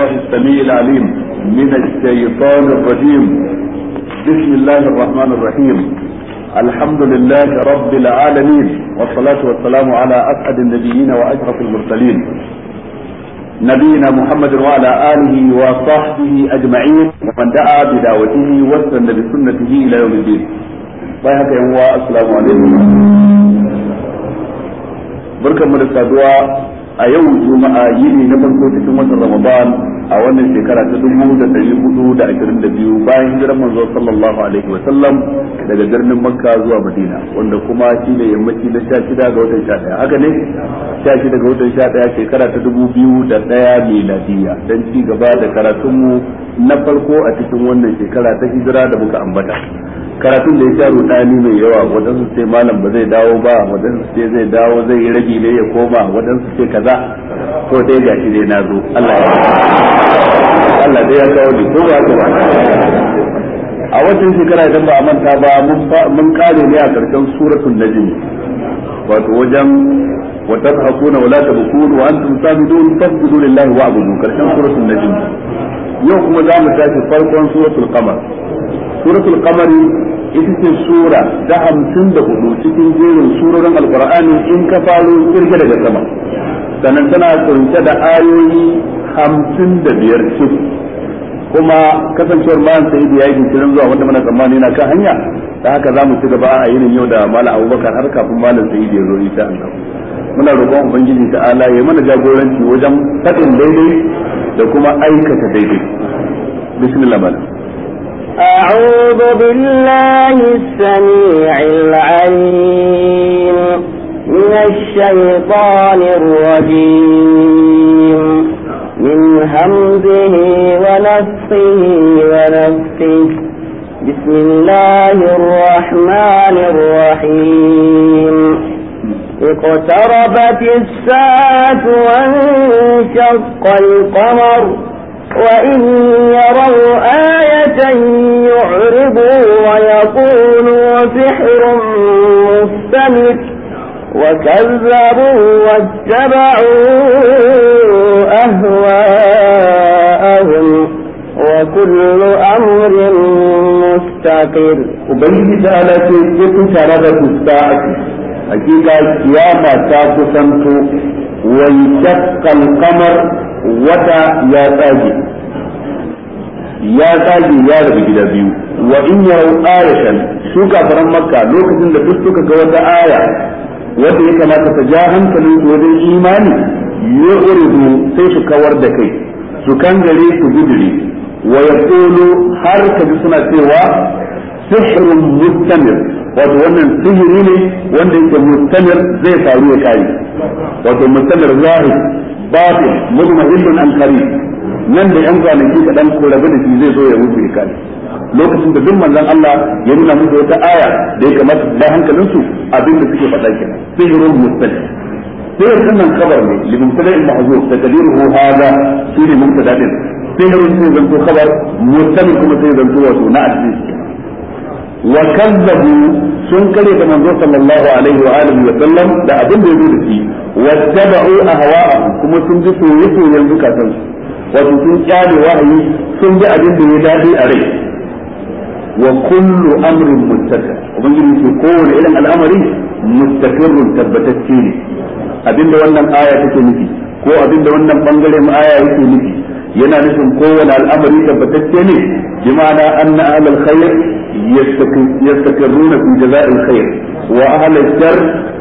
الله السميع العليم من الشيطان الرجيم بسم الله الرحمن الرحيم الحمد لله رب العالمين والصلاة والسلام على أسعد النبيين وأشرف المرسلين نبينا محمد وعلى آله وصحبه أجمعين ومن دعا بدعوته وسن بسنته إلى يوم الدين طيب السلام عليكم بركة من السادوة a جمعة يلي نبن na farko a wannan shekara ta dubu da ɗari hudu da ashirin da biyu bayan hijirar manzo sallallahu alaihi wa sallam daga birnin makka zuwa madina wanda kuma shi ne yammaci na sha shida ga watan sha ɗaya haka ne sha shida ga watan sha ɗaya shekara ta dubu biyu da ɗaya miladiya don ci gaba da karatunmu na farko a cikin wannan shekara ta hijira da muka ambata karatun da ya sha rudani mai yawa waɗansu ce malam ba zai dawo ba waɗansu ce zai dawo zai yi rabi ne ya koma waɗansu ce kaza ko dai gashi dai na zo Allah ya yi. Allah dai ya kawo da ko ba ta ba a wancan shekara idan ba a manta ba mun kare ne a karshen suratul najm wato wajen wa tadhakuna wa la tabkun wa antum sabidun tasjudu lillahi abudu karshen suratul najm yau kuma za mu tashi farkon suratul qamar suratul kamar ita ce sura da hamsin da hudu cikin jerin surorin alkur'ani in ka falo kirge daga sama sannan tana kunshe da ayoyi hamsin da biyar ce kuma kasancewar bayan sa'idu ya yi jinkirin zuwa wanda muna tsammani na kan hanya da haka za mu ci gaba a yinin yau da malam abubakar har kafin malam sa'idu ya zo insha Allah muna roƙon ubangiji ta'ala ya mana jagoranci wajen faɗin daidai da kuma aikata daidai bismillah malam أعوذ بالله السميع العليم من الشيطان الرجيم من همزه ونفسه ونفسه بسم الله الرحمن الرحيم اقتربت الساعة وانشق القمر وإن يروا آية يعرضوا ويقولوا سحر مستمر وكذبوا واتبعوا أهواءهم وكل أمر مستقر وبين ذلك اقتربت الساعة حقيقة قيامة تاكسنت وانشق القمر وتا يا تاجي ya tsage ya rabu gida biyu wa in yarau ayatan su kafaran makka lokacin da duk suka ga wata aya wanda ya kamata ta ja hankalin wajen imani yu'ridu sai su kawar da kai su gare su gudure wa yaqulu har ka ji suna cewa sihrun mustamir wato wannan sihiri ne wanda yake mustamir zai faru ya kai wato mustamir zahir batil mudmahillun an qarib nan da yan kwanaki dan ko rabu da shi zai zo ya wuce kai lokacin da duk manzon Allah ya nuna musu wata aya da ya kamata da hankalinsu abin da suke faɗa kenan sihirun mustamir سير من خبر لي لمبتدا المحذوف تدليله هذا سير مبتدا دين سير سير ذنبو خبر مرتبط كما سير ذنبو وسوء نعجز وكذبوا سنكر كما صلى الله عليه وآله وسلم لا أدن بيقول فيه واتبعوا أهواءهم ثم سنجسوا يسوا ينبكا وفي سنكال وعي سنجا أدن بيدادي عليه وكل أمر مستكر ومن يقول إلى الأمر مستقر تبتت فيه abinda wannan aya take nufi ko abinda wannan bangare mu aya yake nufi yana nufin kowane al'amari tabbatacce ne bi ma'ana anna ahlul khair yastakirruna fi jaza'il khair wa ahlul shar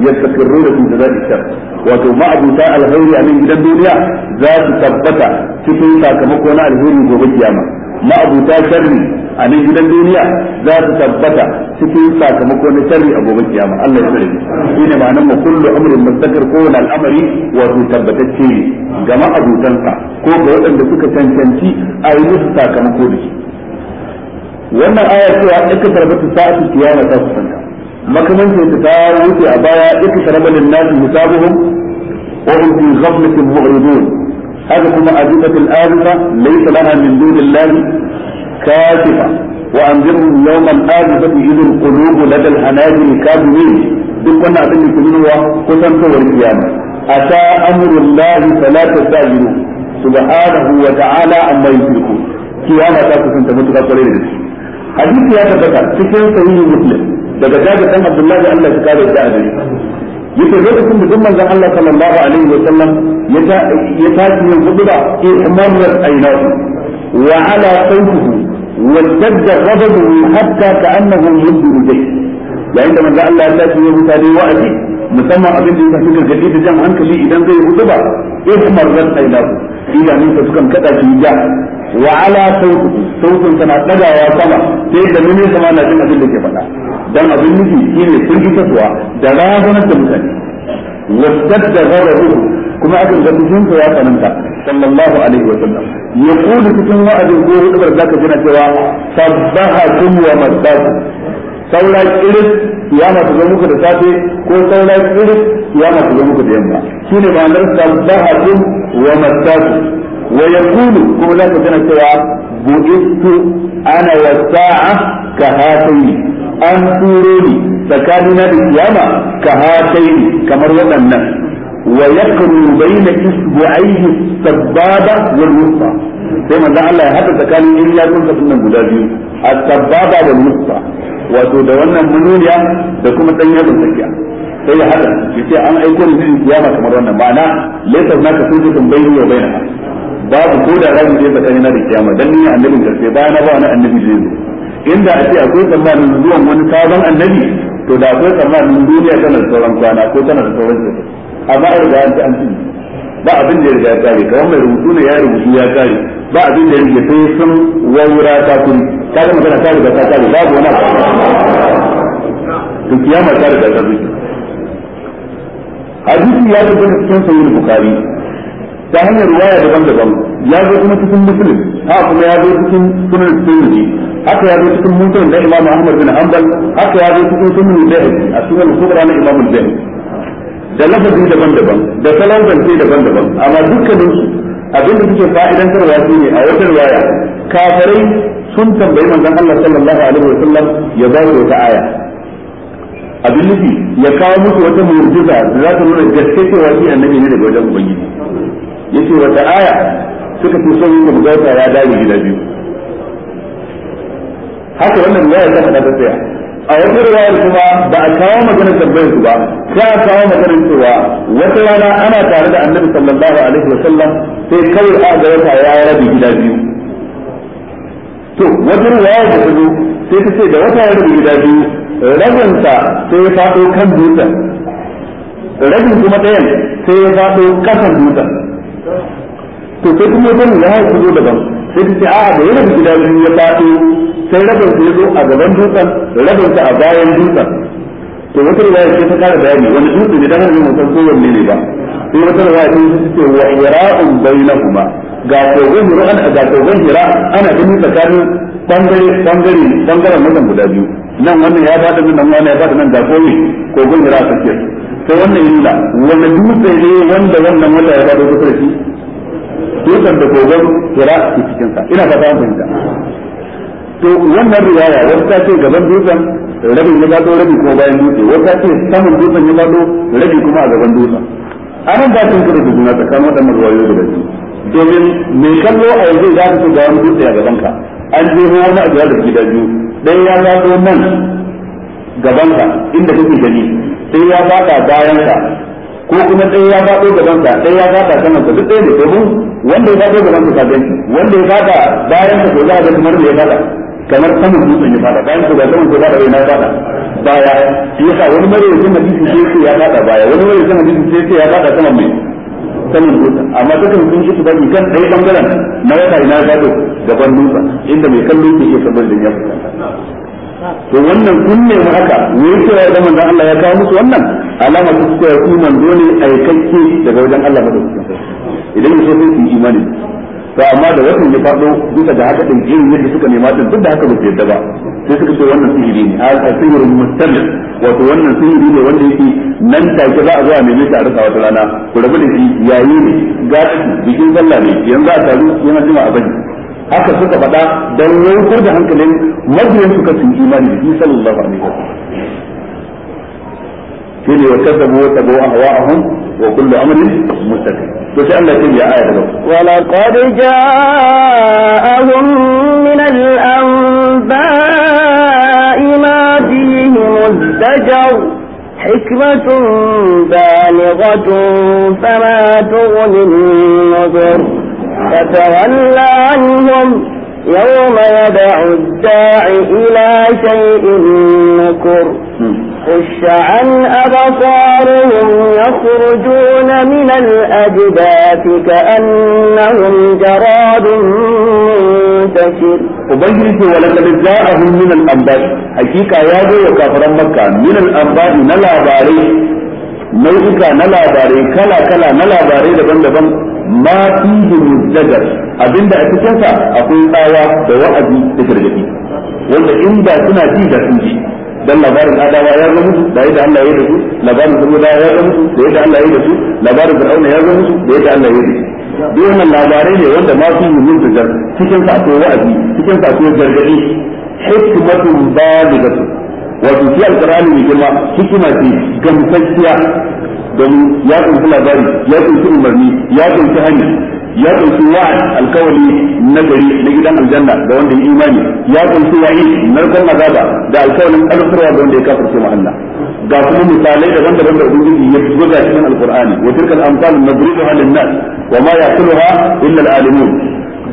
yastakirruna fi jaza'il shar wato ma'abuta alkhairi a nan gidan duniya za su tabbata cikin sakamako na alheri gobe kiyama ma'abuta sharri a nan gidan duniya za su tabbata cikin sakamako na sharri a gobe kiyama Allah ya sani shi ne ma'anar mu kullu amrin mustaqir ko wal al'amari wato tabbatacce ne ga ma'abutansa ko ga waɗanda suka cancanci a yi musu sakamako da shi wannan ayar cewa aka tarbata sa'atu kiyama ta kusanta makamancin ta ta wuce a baya aka tarbata nasu hisabuhum wa hum fi ghaflatin mu'ridun هذا كما أجوبة الآلفة ليس لها min دون الله كاذبة وأنذرهم يوم الآزفة إذ القلوب لدى الحناجر كاذبين duk wannan abin da ke nuna kusan kawar kiyama ata amrullahi fala tastajiru subhanahu wa ta'ala amma yushriku kiyama ta kusanta mutuka kwarai da gaske ya tabbata daga jabi dan abdullahi Allah ya kare shi a gare yake lokacin da duk manzon Allah sallallahu alaihi wa sallam ya ta ya tashi yin huduba ihmarat aynahu wa ala sawtihi وازدد غضبه حتى كأنه يبدو إليه yayin da manzo Allah ya tashi ya mutane wa'azi musamman abin ya tafi gargadi da jan hankali idan zai hudu ba ihmar zan aila idanun sa sukan kada shi ja wa ala sautu sautun sana dagawa sai da nuni sama na jin abin da faɗa dan abin nufi shine sun ji kasuwa da razanar da mutane wasadda ghadabuhu kuma akan ga fushinsa ya tsananta sallallahu alaihi wa sallam ya kudu cikin wa'azin ko hudubar zaka gina cewa sabbaha kum wa mazdatu saura kiris ya ta zo muku da safe ko saura kiris ya ta zo muku da yamma shine ma'anar sabbaha kum wa mazdatu wa yaqulu kuma zaka gina cewa bu'istu ana wasa'a ka hatayni an turo ni tsakanina da kiyama ka hatayni kamar waɗannan ويقرن بين إسبوعيه السبابة والوسطى sai manzo Allah ya hada tsakanin illajin da sunan guda biyu sababa wal wato da wannan mununiya da kuma dan yadin tsakiya sai ya hada an aiko ni cikin kiyama kamar wannan ma'ana laysa wa babu ko da rabu da tsakanin da kiyama dan ni annabin bayan ba wani annabi zai zo inda a ce akwai tsammanin zuwan wani sabon annabi to da akwai tsammanin duniya tana da sauran kwana ko tana da sauran shekaru amma a riga an ta an tuni ba abin da ya riga ya kare kamar mai rubutu ne ya rubutu ya kare ba abin da ya riga sai sun wawura ta kuri ta ga magana ta riga ta kare babu wani abu to kiyama ta riga ta zuci hadisi ya zo cikin sahih bukari ta hanyar ruwaya daban-daban ya zo kuma cikin muslim haka kuma ya zo cikin sunan tirmidhi haka ya zo cikin mutum da imam ahmad bin hanbal haka ya zo cikin sunan da'i a sunan kubra na imam al da lafazin daban-daban da salon zance daban-daban amma dukkanin su abin da suke karwa su ne a wata riwaya kafirai sun tambayi manzon Allah sallallahu alaihi wa sallam ya ba su wata aya abin nufi ya kawo musu wata mu'jiza da za ta nuna gaske cewa shi annabi ne daga wajen ubangiji yace wata aya suka fi son yin bugata ya dare gida biyu haka wannan ta faɗa ta tsaya a da riwayar kuma ba a kawo maganar tambayar su ba sai a kawo maganar cewa wata rana ana tare da annabi sallallahu alaihi wasallam sai kawai a ga wata ya rabi gida biyu to wata riwayar da ta zo sai ta ce da wata ya rabi gida biyu rabinsa sai ya faɗo kan dutsen rabin kuma ɗayan sai ya faɗo kasan dutsen to sai kuma wata riwayar ta zo daban sai ta ce a'a da yana gida biyu ya fato sai rabin ya zo a gaban dutsen rabin sa a bayan dutsen to wata riwaya ce ta kara bayani wani dutse ne dan hannun mutum ko wanne ne ba sai wata riwaya ce ta ce wa ira'un bainahuma ga kogon ru'an ga kogon hira ana gani tsakanin bangare bangare bangaren mutum guda biyu nan wannan ya bada nan wannan ya bada nan ga koyi kogon hira a tsakiyar sai wannan yilla wani dutse ne wanda wannan wata ya bada kusa da shi dutsen da gogon kira ke cikin sa ina fata mun da to wannan riwaya wata ta ce gaban dutsen rabin ya gado rabi ko bayan dutse wata ce saman dutsen ya gado rabi kuma a gaban dutsen anan ba sun kira juna tsakanin waɗannan riwayoyi da biyu domin mai kallo a yanzu za ka so ga wani dutse a gaban ka an je wani abu da gida biyu ɗaya ya gado nan gabanka inda kake gani sai ya faɗa bayanka ko kuma ɗaya ya faɗo sa ɗaya ya faɗa saman sa duk ɗaya ne domin wanda ya faɗo gabansa ka gani wanda ya faɗa bayan sa ko za a ga kamar me ya faɗa kamar saman dutsen ya faɗa bayan sa ga saman ko faɗa bai na faɗa baya shi yasa wani marayacin hadisi sai ce ya faɗa baya wani marayacin hadisi sai ce ya faɗa saman mai saman dutsen amma dukkan sun shi baki kan ɗaya bangaren na wata ina ya faɗo gaban dutsen inda mai kallo ke iya saman da ya faɗa to wannan kun ne mu haka ne cewa da Allah ya kawo musu wannan alama ta cewa ku manzo dole aikakke daga wajen Allah ba idan yaso sun su imani to amma da wannan ya fardo duka da haka din jin yadda suka nema din duk da haka ba su yadda ba sai suka ce wannan sihiri ne a sihirin mustamil wato wannan sihiri ne wanda yake nan take za a zo a neme ta a rasa wata rana ku rabu da shi yayi ne ga bikin sallah ne yanzu a taru yana jima a bani haka suka faɗa don yankar da hankalin mabiyan suka cin imani da shi sallallahu alaihi wasallam shi ne wa a hawa a hun wa kullu amrin mustaqim to sai Allah ya aya da wa laqad ja'ahum min al-anba'i ma fihi muzdajar حكمة بالغة فما تغني النظر فتولى عنهم يوم يدع الداع إلى شيء نكر خش عن أبصارهم يخرجون من الأجداث كأنهم جراد منتشر وبنجلس ولقد جاءهم من الأنباء حقيقة يا جو وكافر مكة من الأنباء نلا باري nau'ika نلا باري كلا كلا نلا باري لبن لبن ma fi muzdajar abinda a cikin sa akwai tsawa da wa'azi da gargadi wanda in ba suna ji da sun ji dan labarin adawa ya zama musu da yadda Allah ya da su labarin samuda ya zama musu da yadda Allah ya da su labarin fir'auna ya zama musu da yadda Allah ya da su duk wannan labarai ne wanda ma fi yi mutajar cikin sa akwai wa'azi cikin sa akwai gargadi hikmatun baligatu wato shi alqur'ani ne girma hikima ce gamsashiya domin ya kunshi labari ya kunshi umarni ya kunshi hani ya kunshi wa'ad alkawali na gari na gidan aljanna da wanda ya imani ya kunshi yayi narkon azaba da alkawarin alfarwa da wanda ya kafirce ma Allah ga kuma misalai daban-daban da ubangiji ya fito ga cikin alqur'ani wa tilka al-amsal nadribuha lin-nas wa ma yaquluha illa al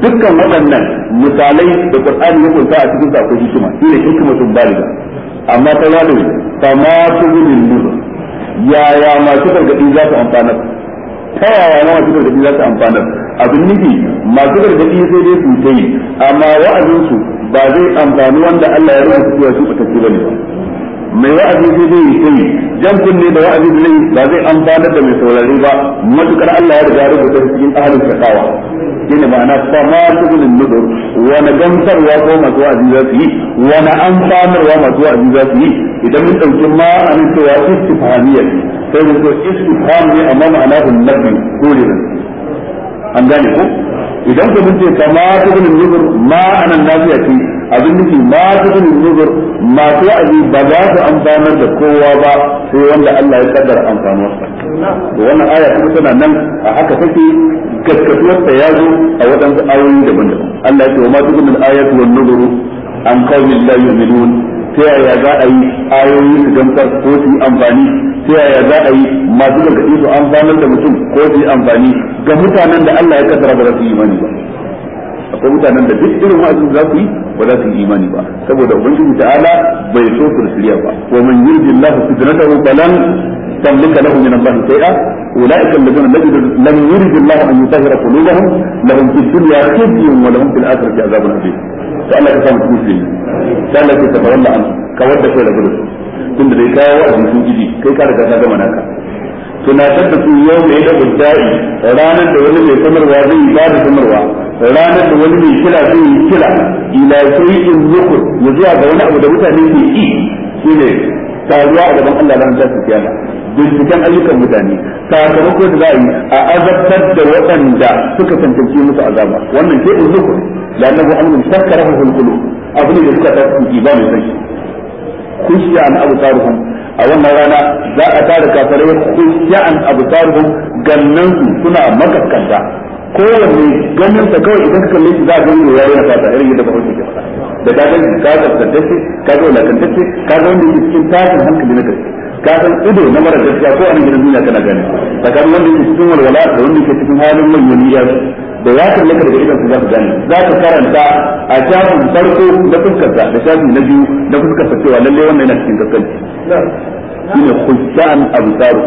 dukkan waɗannan misalai da qur'ani ya kunta a cikin sa ko hikima shine hikimatun baliga amma ta wani fama tuzulin nuzul yaya masu gargadi za su amfana ta yaya na masu gargadi za su amfana abin nufi masu gargadi sai dai su yi amma wa'azinsu ba zai amfani wanda Allah ya rubuta su ba ta ba ne ba mai wa'azi sai zai yi sai jan kunne da wa'azi da zai ba zai amfanar da mai saurari ba matukar Allah ya riga rubuta cikin ahlul shaqawa shine ma'ana fa ma tugulun nudur wa na gamsarwa ko masu wa'azi za su yi wa na amfanarwa masu wa'azi za su yi idan mun dauki ma an cewa istifhamiyya sai mun so istifham ne amma ma'ana hun nabi kullu an gane ko idan ka mun ce kama tugulun nudur ma anan nabiya ce abin nufi ma ta zan nuzur masu wa'azi ba za su amfanar da kowa ba sai wanda Allah ya kaddara amfanuwarsa da wannan aya kuma tana nan a haka take gaskatuwarsa ya zo a waɗansu ayoyi daban-daban Allah ya ce wa ma ta zan ayatu wan nuzuru an qaumin la yu'minun ta yaya za a yi ayoyi su gamsar ko su yi amfani sai yaya za a yi masu gargaɗi su amfanar da mutum ko su yi amfani ga mutanen da Allah ya kaddara ba za su yi imani ba akwai mutanen da duk irin wa'azin za ku yi ba za su yi imani ba saboda ubangiji ta'ala bai so ku shirya ba wa man yuridillahu fitnatahu falan تملك له من الله شيئا اولئك الذين لم يرد الله ان يطهر قلوبهم لهم في الدنيا خزي ولهم في tun da dai kawo wa'azin sun ji kai ka riga ka gama naka tunatar da su yau mai da budda'i ranar da wani mai samarwa zai ba da samarwa ranar da wani mai kira zai yi kira ila in zukur ya zuwa ga wani abu da mutane ke ki shine taruwa a gaban Allah ran zasu kiyama binciken ayyukan mutane sakamako da za a yi a azabtar da waɗanda suka tantance musu azaba wannan ke in zukur da annabi Muhammad sakkara hul qulub abu ne da suka tafi ba mai sai khushiya an abu absaruhum a wannan rana za a tare kafirai khushiya an absaruhum gannan su suna makaskanta kowanne ganin sa kawai idan ka kalle shi za a gani yi na fata irin yadda bahaushe ke faɗa da ka gani ka tsaftace ka ga lakantacce ka ga wanda yake cikin tashin hankali na gaske ka san ido na mara gaskiya ko an gidan duniya kana gani tsakanin wanda yake cikin walwala da wanda yake cikin halin mai ya da ya kalle ka daga idan za ka gani za ka karanta a shafin farko na fuskar da shafi na biyu na fuskar cewa lalle wannan yana cikin gaskanci shine khushan absaru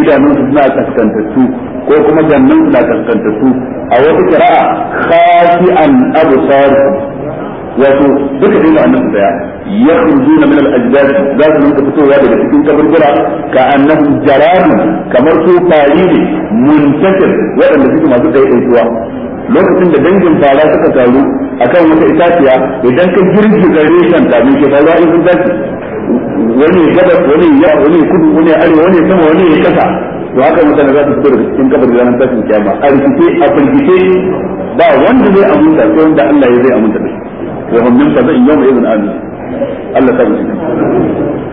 idanun su suna kaskantattu ko kuma jannan suna kaskantattu a wata qira'a khashi'an absaru wato duka dai annabi daya yakhrujuna min al-ajdad za su rinka fitowa daga cikin kaburbura ka annahum jaradu kamar su fari ne muntakir waɗanda suke masu daidaituwa lokacin da dangin fara suka taru akan wata itaciya idan ka girgi gare shan kafin ke fara in sun tashi wani gabas wani ya wani kudu wani arewa wani sama wani ya kasa to haka mutane za su fito daga cikin kabar da ranar tashin kiyama a rikice a firgice ba wanda zai aminta ko wanda Allah ya zai aminta da shi wa hum min fadin yawma idhin amin Allah ta mutu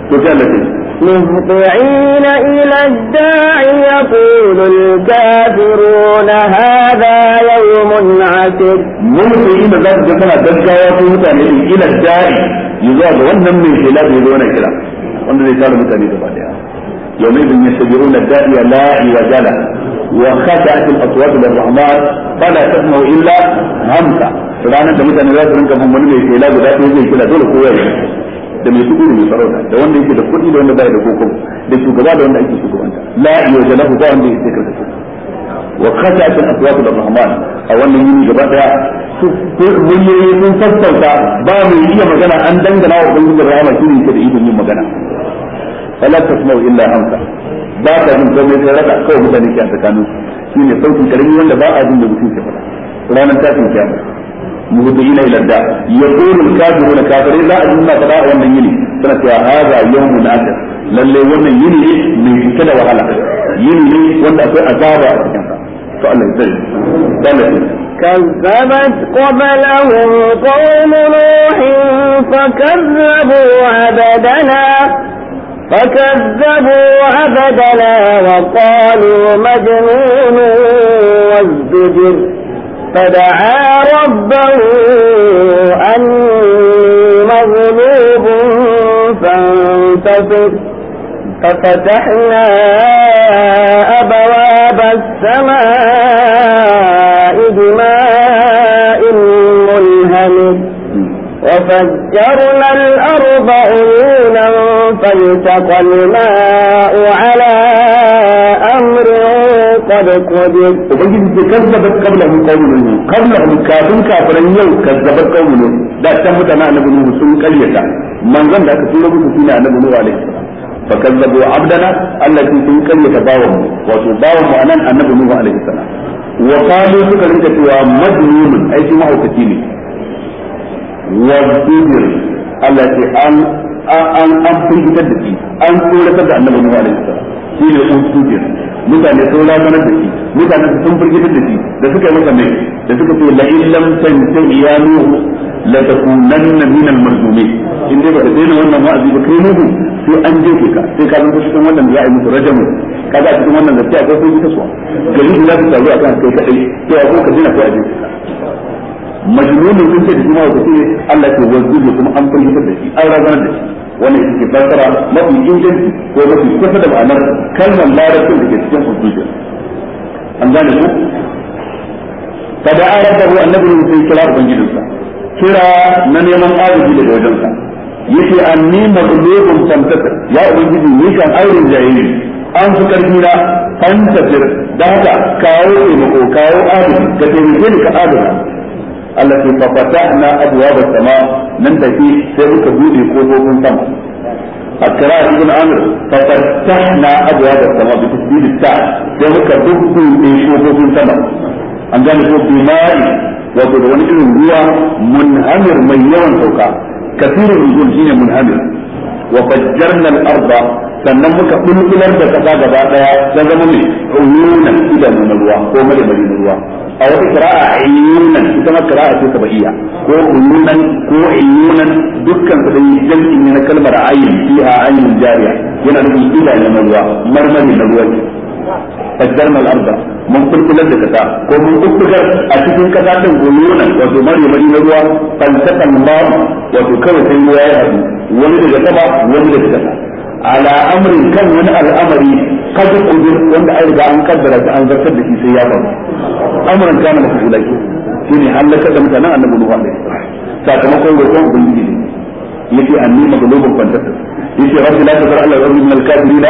to sai Allah مهطعين إلى الداع يقول الكافرون هذا يوم عسر مهطعين إلى الداع كما تبقى وقوتا إلى الداع يزاد ونم من خلاف يدون كلا وندر يتعلم تنيد بعدها يومئذ يستجرون الداع لا يجالا وخشعت الأصوات للرحمن فلا تسمعوا إلا همسا فلا نتمتع نرات منك فهم من من خلاف ذاته يجي كلا دول قوية da mai kuɗi da mai sarauta da wanda yake da kuɗi da wanda bai da kokon da shugaba da wanda ake shugabanta la yawza lahu ba wanda yake karkashin wa khashat al-aswat ar-rahman a wannan yini gaba daya su yi sun sassauta ba mai iya magana an dangana wa ubangijin rahama shi ne da idon yin magana fala tasma'u illa hamsa ba ka jin komai sai raka kawai mutane ke a tsakanin shi ne sautin karami wanda ba a jin da mutum ke faɗa ranar tashin kiyama مهدئين إلى الداء يقول الكافرون كافرين لا أجلنا فلا ومن يلي سنة هذا يوم آخر للي ومن يلي من كلا وهلا يلي ولا أكو أزابا فألا يزل كذبت قبلهم قوم نوح فكذبوا عبدنا فكذبوا عبدنا وقالوا مجنون وازدجر فدعا ربه أن مغلوب فانتصر ففتحنا أبواب السماء بماء منهمر وفجرنا الأرض عيونا فالتقى الماء على قال قوم ubangiji ce kazzabat qabla min qawmi nuh qabla min kafin kafiran yau kazzabat qawmi nuh da can mutanen annabi nuh sun karyata manzon da aka tura musu shine annabi nuh alaihi salam fa kazzabu abdana allati sun karyata bawan wato bawan mu anan annabi nuh alaihi salam wa qalu suka rinka cewa majnun ai shi mahaukaci ne wa bibir allati an an an firgitar da shi an tsoratar da annabi nuh alaihi salam shine usubir mutane sun razanar da shi mutane sun firgitar da shi da suka yi masa mai da suka ce la illam tantahi ya nuhu la takunanna min al mazlumin in dai baka daina wannan wa'azi ba kai nuhu sai an je ka sai ka zanto cikin wannan da za a yi musu rajamu kaga a cikin wannan gaskiya akwai sun kasuwa gari da za su taru akan kai kadai sai ya ko ka dina ko a jefe ka majnunin sun ce da kuma wata ce Allah ke wanzu da kuma an firgitar da shi an razanar da shi wannan ita ce fassara mafi inganci ko mafi kusa da ma'anar kalmar larabcin da ke cikin hujja an gane ku kada ayar da annabi ne sai kira ubangijinsa kira na neman agaji daga wajensa an nima maghlubun tantata ya ubangiji ni kan auren jahili an fi karfi na fantasir da haka kawo taimako kawo agaji ka taimake ni ka agaji Allah ke fafata na abuwa da sama nan da ke sai muka bude kofofin sama a kira ibn amir fa na abwaab da sama bi tasdid ta sai muka bude kofofin sama an gane ko bimai wato da wani irin ruwa munhamir mai yawan sauka kasirin rujul shine munhamir wa fajjarna arda sannan muka bulbular da kasa gaba daya ta zama mai uyuna idanu na ruwa ko mare na ruwa a wata kira'a ayyunan ita ma kira'a ce sabaiya ko uyunan ko ayyunan dukkan su dai jam'i ne na kalmar ayin fiha ayin jariya yana nufin idanu na ruwa marmari na ruwa arba mun kulkular da kasa ko mun kulkular a cikin kasa din goyonan wato mare mari na ruwa falsafa Allah wato kawai sai ruwa ya hadu wani daga sama wani daga kasa ala amrin kan wani al'amari kaji kudin wanda an riga an kaddara ta an zartar da shi sai ya faru amuran kana da kudi laki shi ne halaka da mutanen annabi nuhu alaihi sakamakon gurbin ubangiji ne yake annima da lokacin kwantar yake rabbi la tazar ala rabbi min alkafirina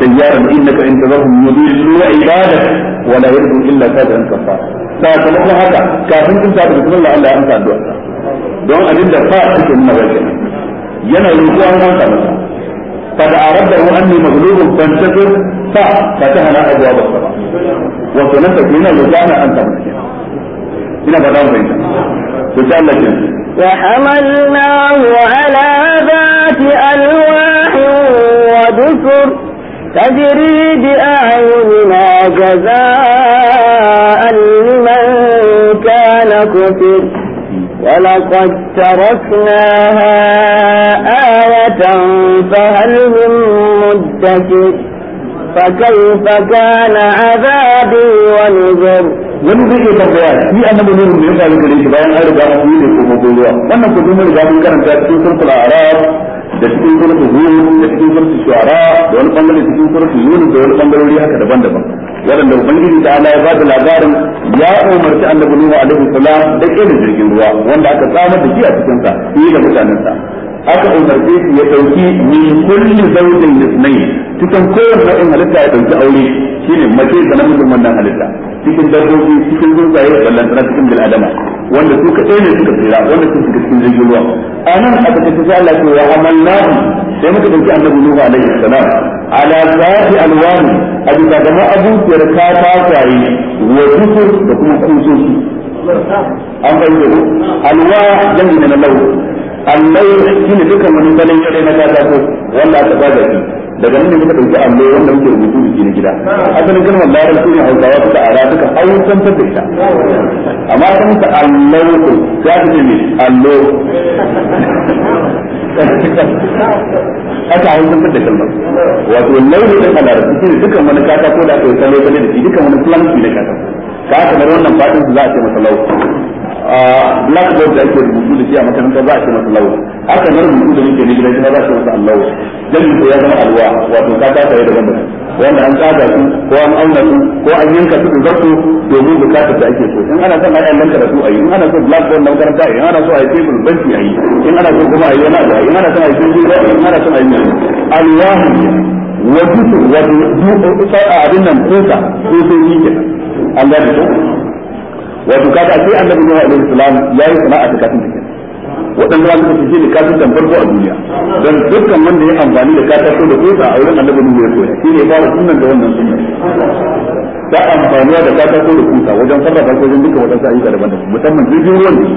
dayyaran innaka in tazarhum yudillu ibadak wa la yadru illa kadran kafar sakamakon haka kafin kin ta da kullu Allah ya amsa addu'a don abin da fa take nuna wajen yana yin ruwan wata قد أعرضه أني مغلوب فانتصر ففتحنا أبواب السماء وسنفت لنا لسانا أن تمسك هنا بدأنا بينا وسأل لك وحملناه على ذات ألواح ودسر تجري بأعيننا جزاء لمن كان كفر ولقد تركناها آية فهل من مدكر فكيف كان عذابي ونذر wani zai iya tambaya ni annabi nuhu ne ya faru shi bayan an riga an yi ko ko ruwa wannan ko mun riga mun karanta cikin surtul arab da cikin surtul hud da cikin surtul shuara da wani bangare cikin surtul yunus da wani bangarori haka daban-daban waɗanda ubangiji da Allah ya ba da labarin ya umarci annabi Nuhu alaihi salam da kira jirgin ruwa wanda aka samar da shi a cikin sa shi da mutanen sa aka umarce shi ya dauki min kulli zawjin lisnayn cikin kowace nau'in halitta ya dauki aure shine mace da namijin wannan halitta cikin dabbobi cikin tsuntsaye da ballantana cikin bil adama wanda su ka ne suka tsira wanda su suka cikin jirgin ruwa anan aka tafi sai Allah ya amallahu sai muka dauki annabi Nuhu alaihi salam ala zafi alwani a bisa ga ma'abuciyar katakwaye wa dusur da kuma kusoshi an bayyana alwa jami'in na lauru allai shine dukkan wani salon yare na ta katako wanda aka bada shi daga nan ne muka dauki allai wanda muke rubutu da shi na gida asalin kalmar larabci ne hausawa suka ara suka hausantar da ita amma ta muka allai ku ya ta ce ne allo aka hausantar da kalmar wato launi da kalar shine dukkan wani ko da aka yi ne da shi dukkan wani planki na katako ka kamar wannan fadin su za a ce masa lauki blackboard da ake rubutu da shi a makaranta za a ce masa lawa haka nan rubutu da nake ne gida shi za a ce masa allawa dan ko ya zama alwa wato ka ta tare da wannan wanda an tsaga su ko an auna su ko an yanka su da zarto domin bukatar da ake so in ana son ayi nan karatu ayi in ana son blackboard na a ayi in ana son ayi table banki ayi in ana son kuma ayi wani abu ayi in ana son ayi table ayi in ana son ayi alwa wajibu dutu a eh, eh, abin nan kusa ko sai yi kenan an gane ko wato kaka sai annabi Nuhu alaihi salam yayi sana'a ta kafin take waɗanda su suka fice da kafin dan farko a duniya dan dukkan wanda ya amfani da katako da kusa a wurin annabi Nuhu ya koya ne ba sunnan da wannan sunan ta amfani da katako da kusa wajen sarrafa ko wajen duka wadansu ayyuka daban-daban musamman jirgin ruwan ne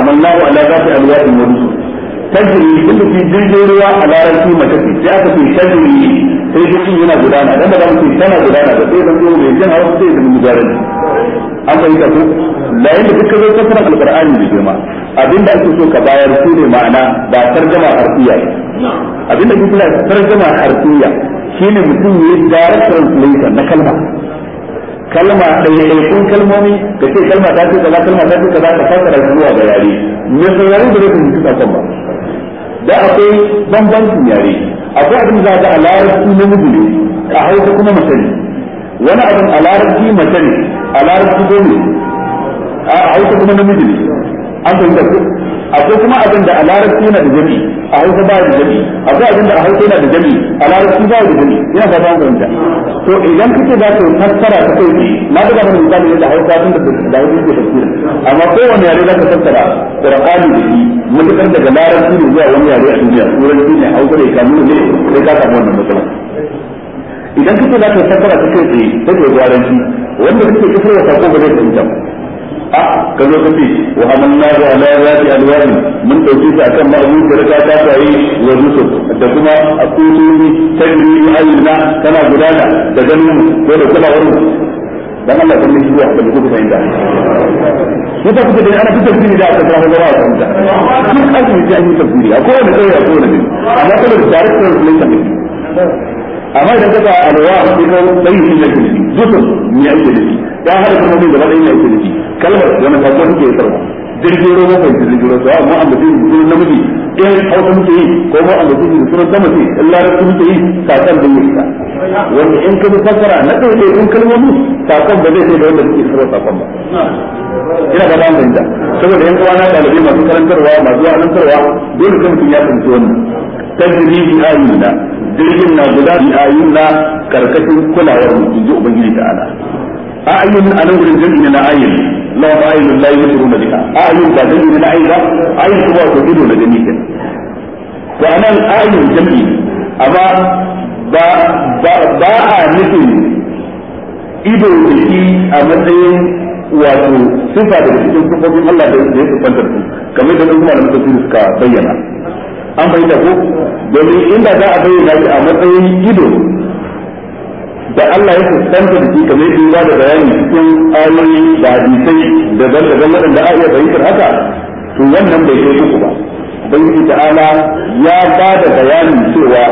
amallahu ala zati alwahin wa rusul tajri kullu fi jirgin ruwa a larabci mace sai aka fi tajri sai shi yana gudana dan da mutum tana gudana da sai dan gobe jin hawa sai da mujarin an fahimta ko layin da duka zai tafara alqur'ani da girma abinda ake so ka bayar su ne ma'ana ba tarjama harfiya abinda ake kira tarjama harfiya shine mutum ya yi direct translation na kalma kalma ɗaiɗaikun kalmomi ka ce kalma ta ce kaza kalma ta ce kaza ka fasara zuwa ga yare me sauraro da zai fahimci sakon ba da akwai bambancin yare akwai abin da ga alarabci na ne a hausa kuma mace wani abin alarabci mace ne alarabci dole a hausa kuma na ne an a ko akwai kuma abin da a larabci yana da jami a hausa ba da jami akwai abin da a hausa yana da jami a larabci ba da jami ina da an fahimta to idan kake za ka fassara ta kai na daga mana da ne da hausa tun da da hausa da tafsira amma ko wani yare za ka fassara qur'ani da shi da daga larabci ne zuwa wani yare a duniya turanci ne hausa ne kamun ne sai ka samu wannan matsala idan kake za ka fassara ta kai tsaye da ka gwaranci wanda kake kafar wa sako ba zai fahimta ba a ka ka ce wa amanna bi ala zati alwani mun dauke shi akan ma'azu da ka ta tayi wa yusuf da kuma aqulu tajri ayyuna kana gudana da ganin ko da kula wani dan Allah kun yi wa da kuka fahimta ko ta kuka da ana kuka da aka da ba ta kin azumi wani an yi tafsiri a kowane tsaye a kowane amma kada da tare translation ne amma idan ka sa alwa sai ka sai shi da shi dukkan ne ake da shi ya hada kuma zai gaba da yin ake da shi kalmar wani sako muke yi sarwa jirgin ruwa mafi jirgin ruwa sawa mu an da jirgin ruwa namiji in hausa muke yi ko mu an da jirgin ruwa sunan sama ce in larabci muke yi sakan da yin wanda in ka fassara na ɗaya ɗaya kalmomi sakan ba zai sai da wanda suke sarwa sakon ba ina ga za mu saboda yan uwa na ɗalibai masu karantarwa masu wa'alantarwa dole kan mutum ya fahimci wannan tajribi ayyuna jirgin na guda a yi na karkashin kulawar mu ji ubangiji ta ala ayyun a nan gurin jirgin na ayyun la ba ayyun la yusuru na biha ayyun ba jirgin na ayyun ba ayyun kuma ko ido na gani ke to anan ayyun jami'i amma ba ba a nufin ido da shi a matsayin wato sifa da cikin sifofin Allah da ya sifanta su kamar da kuma malamin tafsir suka bayyana an bai da ku domin inda za a bayyana shi a matsayin ido da Allah ya fuskanta da shi kamar yadda da bayani cikin ayoyi da hadisai da daban-daban waɗanda a iya fahimtar haka to wannan bai kai uku ba ubangiji ta'ala ya ba da bayani cewa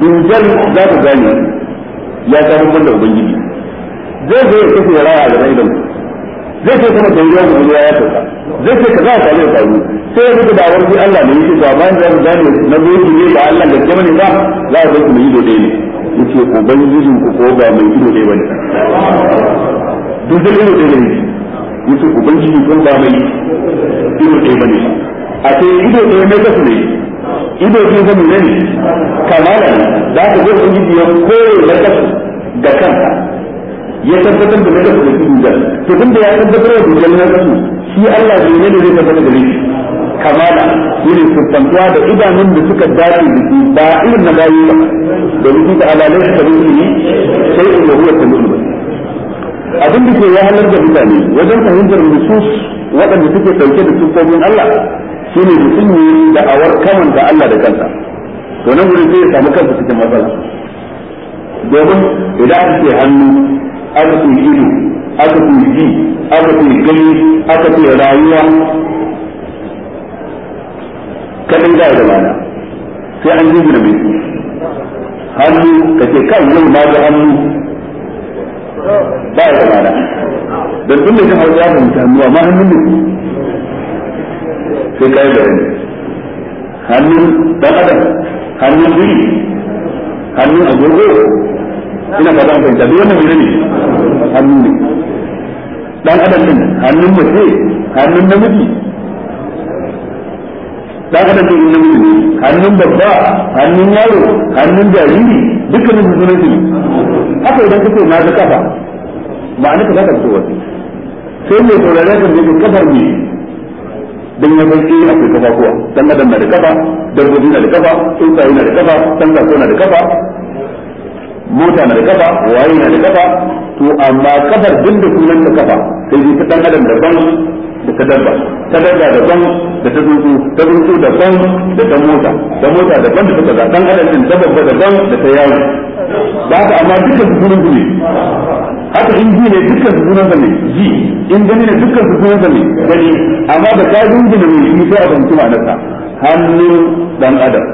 dunjar za ku gane ya ta hukunta ubangiji zai zo ya kafe raya a gaban idan zai ce kuma sai yau ruwa ya sauka zai ce kaza ka zai faru sai ya fita da ji Allah ne yake zama amma da zai na goyi ne da Allah da kuma ne ba za a zai kuma ido dai ne yake ubangijin ku ko ba mai ido dai ne duk da ido dai ne yake ubangiji kun ba mai ido dai ne a ce ido dai mai kasu ne ido ga mu ne kamar ne za ka zo ubangiji ya koyo da kasu da kanka ya tabbatar da naka da su dujal to tunda ya tabbatar da dujal na kasu shi Allah bai ne da zai tabbatar da shi kamala irin sufantuwa da idanun da suka dace da su ba irin na bayi ba da rufi da alalai su tabi ne sai in da ruwa tabi ba abin da ke ya halar da mutane wajen fahimtar nusus waɗanda suke ɗauke da sufofin Allah shi ne da mutum ne da'awar da Allah da kansa to nan wurin sai ya samu kansa cikin matsala domin idan ake hannu aka ku ido aka ku ji aka ku gani aka ku rayuwa kadan da da mana sai an jibi da mai su hannu ka ce kai yau na ga hannu ba da mana dan duk da hausa ya fahimta hannu amma hannun ne sai kai da wani hannu dan adam hannun biri hannun agogo ina ba za a fahimta duk wannan mene ne hannu ne dan adam din hannun mace hannun namiji dan adam din namiji ne hannun babba hannun yaro hannun jariri dukkanin su sunan ne haka idan kace na ga kafa ma'ana ka zaka fito wasu sai mai sauraron kan yake kafa ne dan ya bai eh akwai kafa kuwa dan adam na da kafa dabbobi na da kafa tsuntsaye na da kafa dan kasuwa na da kafa mota na da kafa waye na da kafa to amma kafar duk da sunan ta kafa sai dai ta dan adam daban da ta dabba ta dabba daban da ta tsuntsu ta tsuntsu daban da ta mota ta mota daban da ta kaza dan adam din ta babba daban da ta yawo ba ta amma dukkan su sunan ne haka in ji ne dukkan su sunan ne ji in gani ne dukkan su sunan ne gani amma da ka dinga ne shi sai a fahimci ma'anarsa hannun dan adam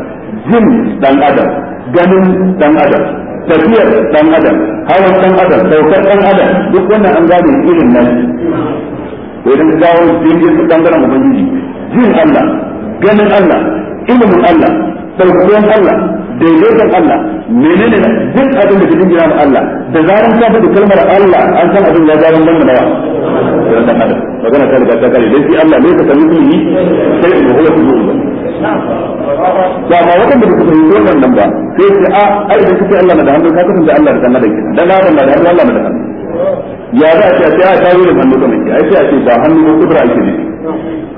jin dan adam ganin dan adam tafiyar dan adam hawan dan adam saukar dan adam duk wannan an gane irin nan to idan ka dawo jirgin su bangaren ubangiji jin Allah ganin Allah ilimin Allah ɗaukuwan Allah daidaiton Allah menene duk abin da ke jingina ma Allah da zaran ka fi kalmar Allah an san abin ya zaran ban da yawa magana ta riga ta kare dai Allah ne ka san sai ya huwa su ba ma san wannan nan ba sai ce a ah, ai da kake Allah na da hannu ka kasance Allah da da kenan dan na da Allah na da ya a ce a ce ah, a hannu a ce ba hannu ko kudura ake ne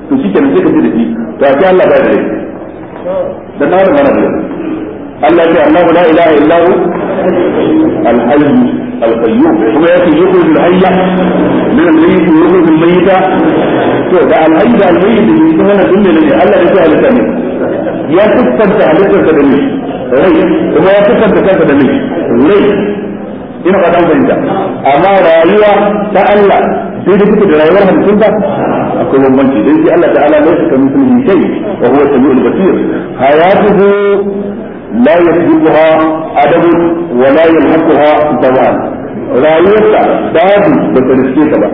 to shi kenan sai ka ce da shi to a Allah ba da da na da mara Allah ya Allah la ilaha illa hu al-hayy al-qayyum kuma yake yukhrij al-hayya min al-mayyit wa yukhrij al to da al-hayy al-mayyit ne kuma na ne Allah ya ce halitta ne ya halitta da ne rai kuma ya da ne rai ina amma rayuwa ta Allah sai da kuke da rayuwar halittun ba akwai bambanci dan shi Allah ta'ala ne shi kamar sun shay wa huwa samiul basir hayatuhu la yajibuha wa la yalhaquha zawan rayuwarsa babu da ta riske ta ba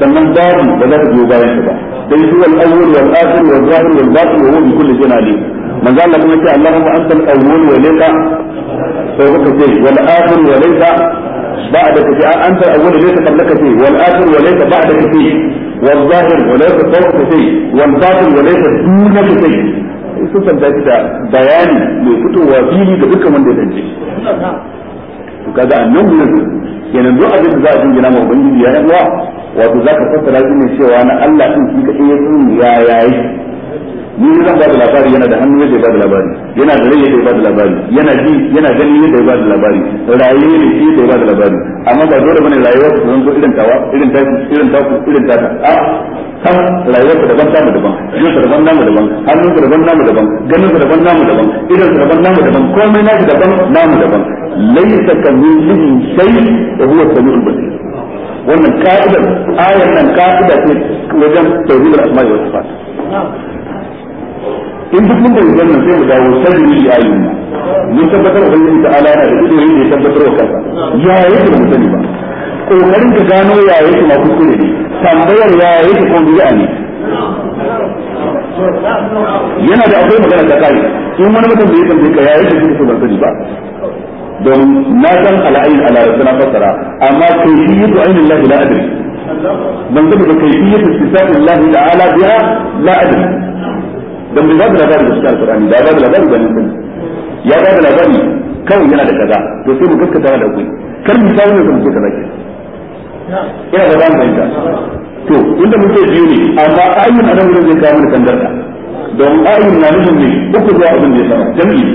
sannan babu da za ta biyo bayan ta ba dan shi wal awwal wal akhir wal zahir wal batin wa huwa bi kulli shay'in alim manzo Allah kuma ya ce Allahumma antal awwal wa sai ce wal akhir wa بعدك في أنت الأول ليس قبلك فيه والآخر وليس بعدك فيه والظاهر وليس فوقك فيه والباطن وليس دونك فيه sun da bayani mai fitowa fili da dukkan wanda ya danje kaga annan gurin kenan duk abin za a jingina ma ubangiji ya yawa wato zaka fassara shi ne cewa na Allah din ya yayi ni ne zan ba da labari yana da hannu yadda ya ba da labari yana da rai yadda ya ba da labari yana ji yana gani yadda ya ba da labari raye ne shi yadda ya ba da labari amma ba dole bane rayuwar ku zan zo irin tawa irin taku irin taku irin tata a kan rayuwar ku daban tamu daban yau ku daban namu daban hannun ku daban namu daban ganin ku daban namu daban idan ku daban namu daban komai naku daban namu daban laysa kamithlihi shay da huwa samiul basir wannan ka'idar ayar nan ka'ida ce wajen tauhidul asma'i wa sifat in duk mun bayyana wannan sai mu dawo sabiri ya yi mu tabbatar da Allah ta'ala yana da kudiri da ya tabbatar wa kansa ya yake mu sani ba kokarin ka gano ya yake ma kuskure ne tambayar ya yake ko bid'a ne yana da akwai magana ta kai in wani mutum bai tambaye ka ya yake kuskure ba sani ba don na san al'ayin ala rabbina fassara amma kayfiyatu ainihi la la adri ban zaba kayfiyatu sifatin Allah ta'ala biha la adri dan bai ba labari da cikin alkurani da ba da labari da nan ya ba labari kawai yana da kaza to sai mu gaskata da kai kar mu samu da muke kaza ke ina da ban fahimta to inda muke biyu ne amma ayyun anan wurin zai kawo mu kandarta don ayyun na nufin ne uku zuwa abin da ya sama jami'i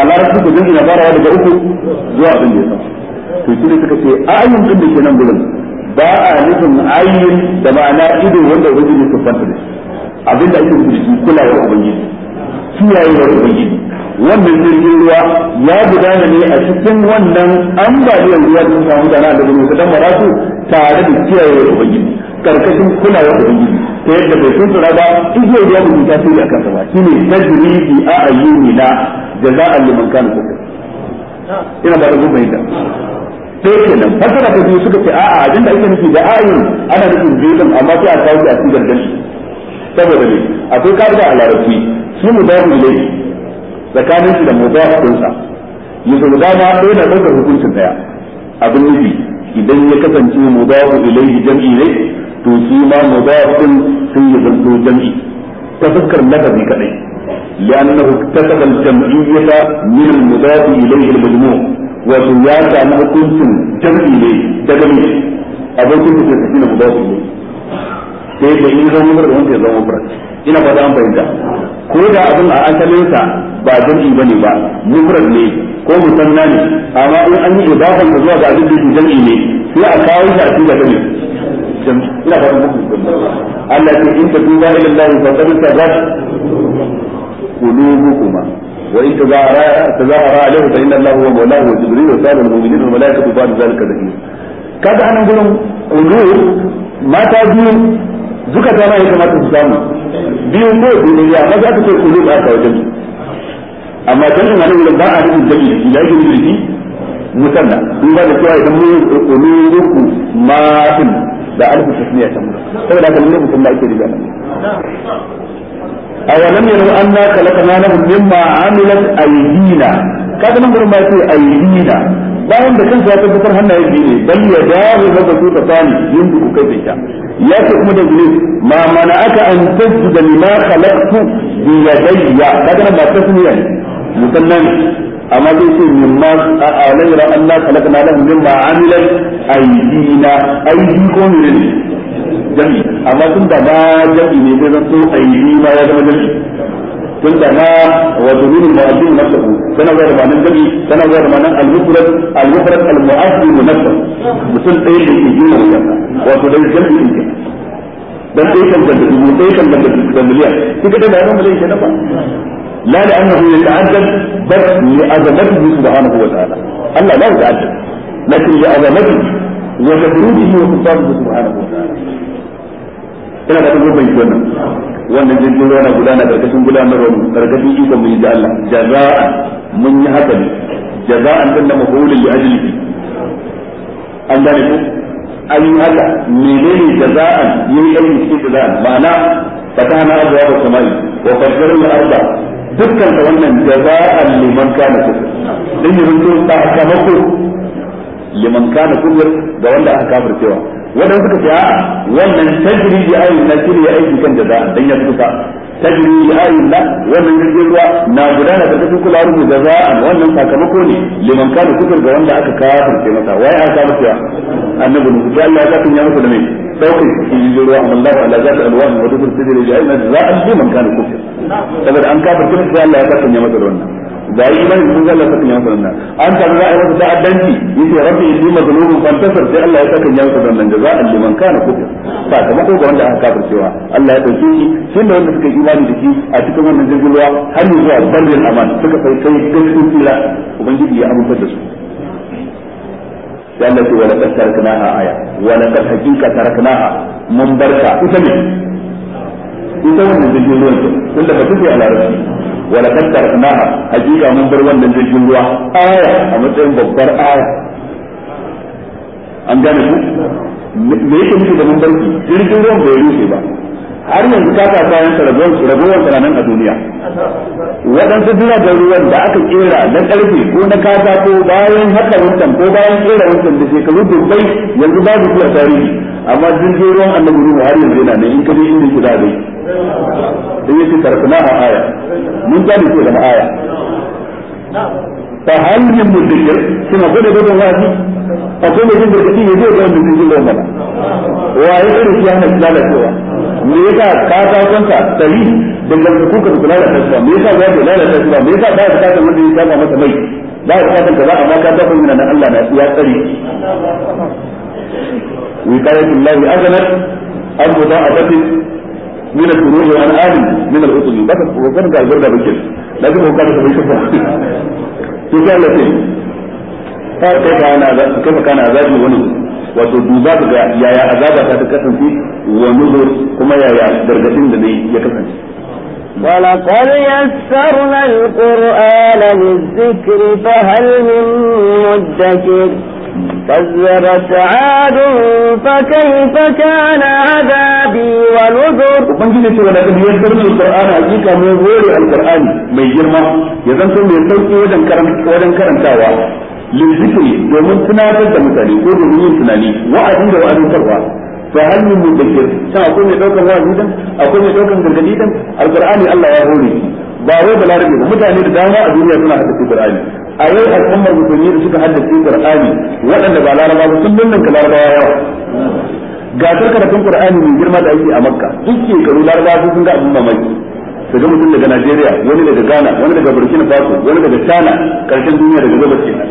Allah ya ku jami'i na farawa daga uku zuwa abin da ya sama to shi ne suka ce ayyun din da ke nan gurin ba a nufin ayyun da ma'ana ido wanda wajen ne siffanta da shi abinda ake nufi ya ubangiji kiyayewar ubangiji wannan jirgin ruwa ya gudana ne a cikin wannan ambaliyar ruwa da samu da na da gudu da maratu tare da kiyayewar ubangiji karkashin ya ubangiji ta yadda bai sun tsira ba igiyar ya mutu ta tuni a kansa ba shine tajri bi a'yunina jaza'an liman kana kuka ina ba da mai da sai nan fasara ta biyu suka ce a'a abinda ake nufi da ayin ana nufin zaitan amma sai a kawo shi a cikin gargashi. saboda ne akwai ka'ida a larabci shi mudafu ilayhi tsakanin shi da mudafu dinsa yanzu da dama ɗaya na ɗaukar hukuncin ɗaya abin nufi idan ya kasance mudafu ilayhi jam'i ne to shi ma mudafu sun yi zanto jam'i ta fuskar lafazi kadai لأنه اكتسب الجمعية من المضاف إليه المجموع وسياسة أنه كنت جمعي إليه تجمعي أبو كنت تسكين مضاف إليه sai da in zama da wanda ya zama ina ba za mu fahimta ko da abin a asalin sa ba jam'i bane ba mufrad ne ko ne amma in an yi da zuwa ga abin da ne sai a kawo shi a cikin jam'i ina ba mu Allah ya in ila Allah fa qad wa in fa inna Allah huwa mawlahu wa jibril wa al-mu'minin wa malaikatu dhikr anan gurin qulub mata biyu zuka ta ya kamata su samu biyun ko biyu ya maza aka ce kulu ba ta wajen amma dan ina nan da ba a rubuta dalili ila da dalili musanna in ba da cewa idan mun kulu ruku ma'in da alfu tasmiya ta mu saboda kan ne da ake riga awalam yaraw anna khalaqna lahum mimma amilat aydina kaga nan gurin ba ce aydina bayan da kansa ya tabbatar hannaye biye ne bal yadahu ta tani yin duku kai da ya ce kuma da gure ma mana aka an tajida lima khalaqtu bi yadayya kaga nan ba tasmiya ne musannan amma zai ce min ma alayra anna khalaqna lahum mimma amilat aydina aydi ko ne ne jami amma tun da ba jami ne zai zanto aydi ma ya zama jami tunda na wa dumin mu'azzin nafsuhu tana zuwa da ma'anar dabi tana zuwa da ma'anar al-mufrad al-mufrad al-mu'azzin muaddi nafsuhu mutum ɗaya da ke jina wato da jami'in kenan dan dai kan da dubu dai kan da da miliyan kika da bayanan mu zai na ba la da annahu yata'addad bas li azamatihi subhanahu wa ta'ala Allah la yata'addad lakin li azamatihi wa jabrudihi wa qudratihi subhanahu wa ta'ala ina da dubban wannan wannan jirgin ruwa na gudana karkashin gudanarwar karkashin ikon mai da Allah jaza'an mun yi haka ne jaza'an din da mafulun li ajlihi an gane ku an yi haka menene jaza'an yayi aiki cikin jaza'an ma'ana fatahna abwaaba yi wa fajjarna arda dukkan da wannan jaza'an liman kana rundun ta yanzu mako liman kana kufur ga wanda aka kafircewa wadanda suka ce a'a wannan tajri bi ayin na kiri ya aiki kan jaza dan ya tuka tajri bi ayin wannan jirgin ruwa na gudana da cikin kulawar mu jaza'an wannan sakamako ne liman kana kufur ga wanda aka kafirce masa wai aka annabi Allah ya kafin ya da mai daukin jirgin ruwa amma Allah ala zata alwahi wa bi ayin liman kana kufur saboda an sai Allah ya kafin ya masa da wannan da yi imani sun zalla saka ya masa nan an ta za a yi masa ta'addanci yace yi inni mazlumun fantasar sai Allah ya saka ya masa nan jaza'an liman kana kufir sakamako ga wanda aka kafircewa Allah ya dauke shi sun da wanda suka yi imani da shi a cikin wannan jirgin ruwa har zuwa bandin aman suka sai sai gaskiyar tsira ubangiji ya amince da su sai Allah ce wala kad taraknaha aya wala kad hakika taraknaha mun barka ita ne ita wannan jirgin ruwan tun da ba tafi a larabci wala laqad tarnaha hakika mun bar wannan jirgin ruwa aya a matsayin babbar aya an gane ku me yake nufi da mun bar jirgin ruwan bai rufe ba har yanzu ka sa kayan ragowar tsananin a duniya waɗansu da ruwan da aka kera na ƙarfe ko na ko bayan haka wuntan ko bayan kera wuntan da shekaru dubbai yanzu babu su a tarihi amma jirgin ruwan annabi ruwa har yanzu yana nan in ka je inda shi da dai sai yake karfuna a aya mun ta ko da aya fa hal min mudakkir kina gode gudun wani akwai mai jin gargaɗi ne zai ga wanda jirgin ruwan wa ya irin shi yana lalacewa me yasa ka ta kanka sahi dangantaku ka kula da me yasa ba lalata me yasa ba ka ta wanda ya mai ba ta amma ka ta nan Allah na ya tsare azanat an من الفروع بس وكان قال جرد بكر لكن هو كان سبيل كفر يقال لك كيف كان عذابي ونزل Wato duba ka ga ya a zabata kasance wa mugun kuma yaya gargadin da na yi ya kasance. Walaƙwarya sarran Alƙur'a na biskiri ta halin mu da ke. Bakyar da ta'adun faɗai faɗa na zabi waluzur. Ubangin da ta ce wana ɗan yadda na yi mai girma, ya zan taɓa mai sauƙi waɗan karantawa. lizikri domin tunatar da mutane ko domin yin tunani wa'azi da wa'azantarwa fa hal min mudakkir sai akwai mai daukan wa'azi dan akwai mai daukan gargadi dan alqur'ani Allah ya hore ba wai balarabe ba mutane da dama a duniya suna haddace qur'ani a yau al'ummar musulmi da suka haddace qur'ani waɗanda ba laraba ba sun nan ka larabawa yawa gasar karatun qur'ani mai girma da ake a makka duk shekaru larabawa sun ga abin mamaki daga mutum daga Najeriya wani daga Ghana wani daga Burkina Faso wani daga China karshen duniya daga gabas kenan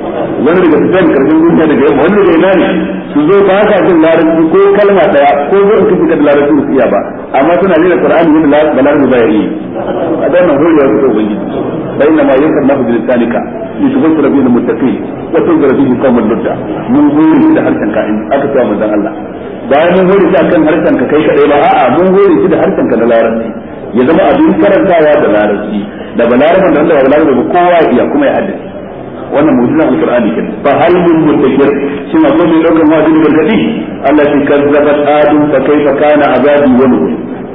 wani daga Sudan karshen duniya daga yamma wani daga Iran su zo ba sa jin larabci ko kalma daya ko zan su fitar larabci su iya ba amma suna nuna Qur'ani yin larabci ba ya yi a dana horiya su zo bangi bai na ma yin karna fi bilisanika ni su bai surabi na mutafi wata zarafi su kamar lutta mun hori da harshen ka'in aka cewa manzon Allah bayan mun hori shi akan harshen ka kai kaɗai ba a'a mun hori shi da harshen ka na larabci ya zama abin karantawa da larabci da balaraban da Allah ya balarabe ba kowa ya kuma ya haddace wannan mu'jiza alqur'ani kenan fa hal min mutakir shin akwai mai daukar wa'azi da gargadi Allah ya kazzabat adam fa kaifa kana azabi wa nuh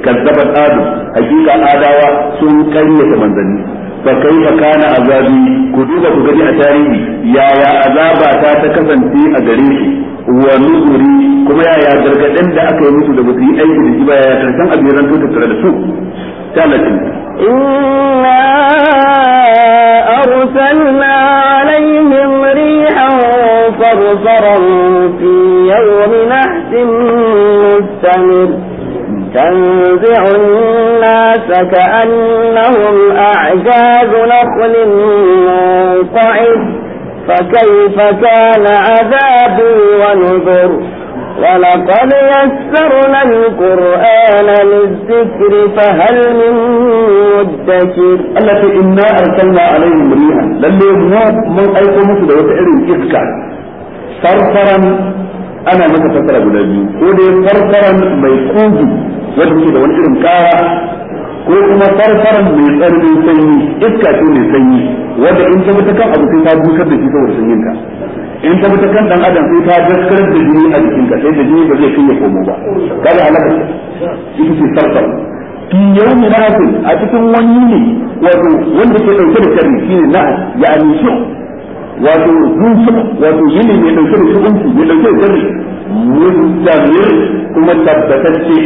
kazzabat adam hakika adawa sun karyata manzanni fa kaifa kana azabi ku duba ku gani a tarihi yaya azaba ta ta kasance a gare shi ونظري كما يا درجة إن لا أكل مثل دبتي أي من الجبا يا تنسان أبي رنتو تترى لسوق ثالثا إنا أرسلنا عليهم ريحا صرصرا في يوم نحس مستمر تنزع الناس كأنهم أعجاز نخل منقعد فكيف كان عذابي ونذر ولقد يسرنا القرآن للذكر فهل من مدكر التي إنا أرسلنا عليهم ريحا للي من أيضا مثل وتعرف إذكا فرفرا أنا متفسر أبو نبي ودي صرصرا ميقوز ودي كده إذن كارا ko kuma farfaran mai tsarki sanyi iska ce mai sanyi wanda in ta mutu kan abu sai ta busar da shi saboda sanyin ka in ta mutu kan dan adam sai ta gaskar da jini a jikin ka sai da jini ba zai kai ya komo ba kaga alaka ita ce farfar ne na nahsin a cikin wani ne wato wanda ke dauke da sharri ne na ya amince wato zuci wato yini ne dauke da shugunci ne dauke da sharri ne kuma tabbatacce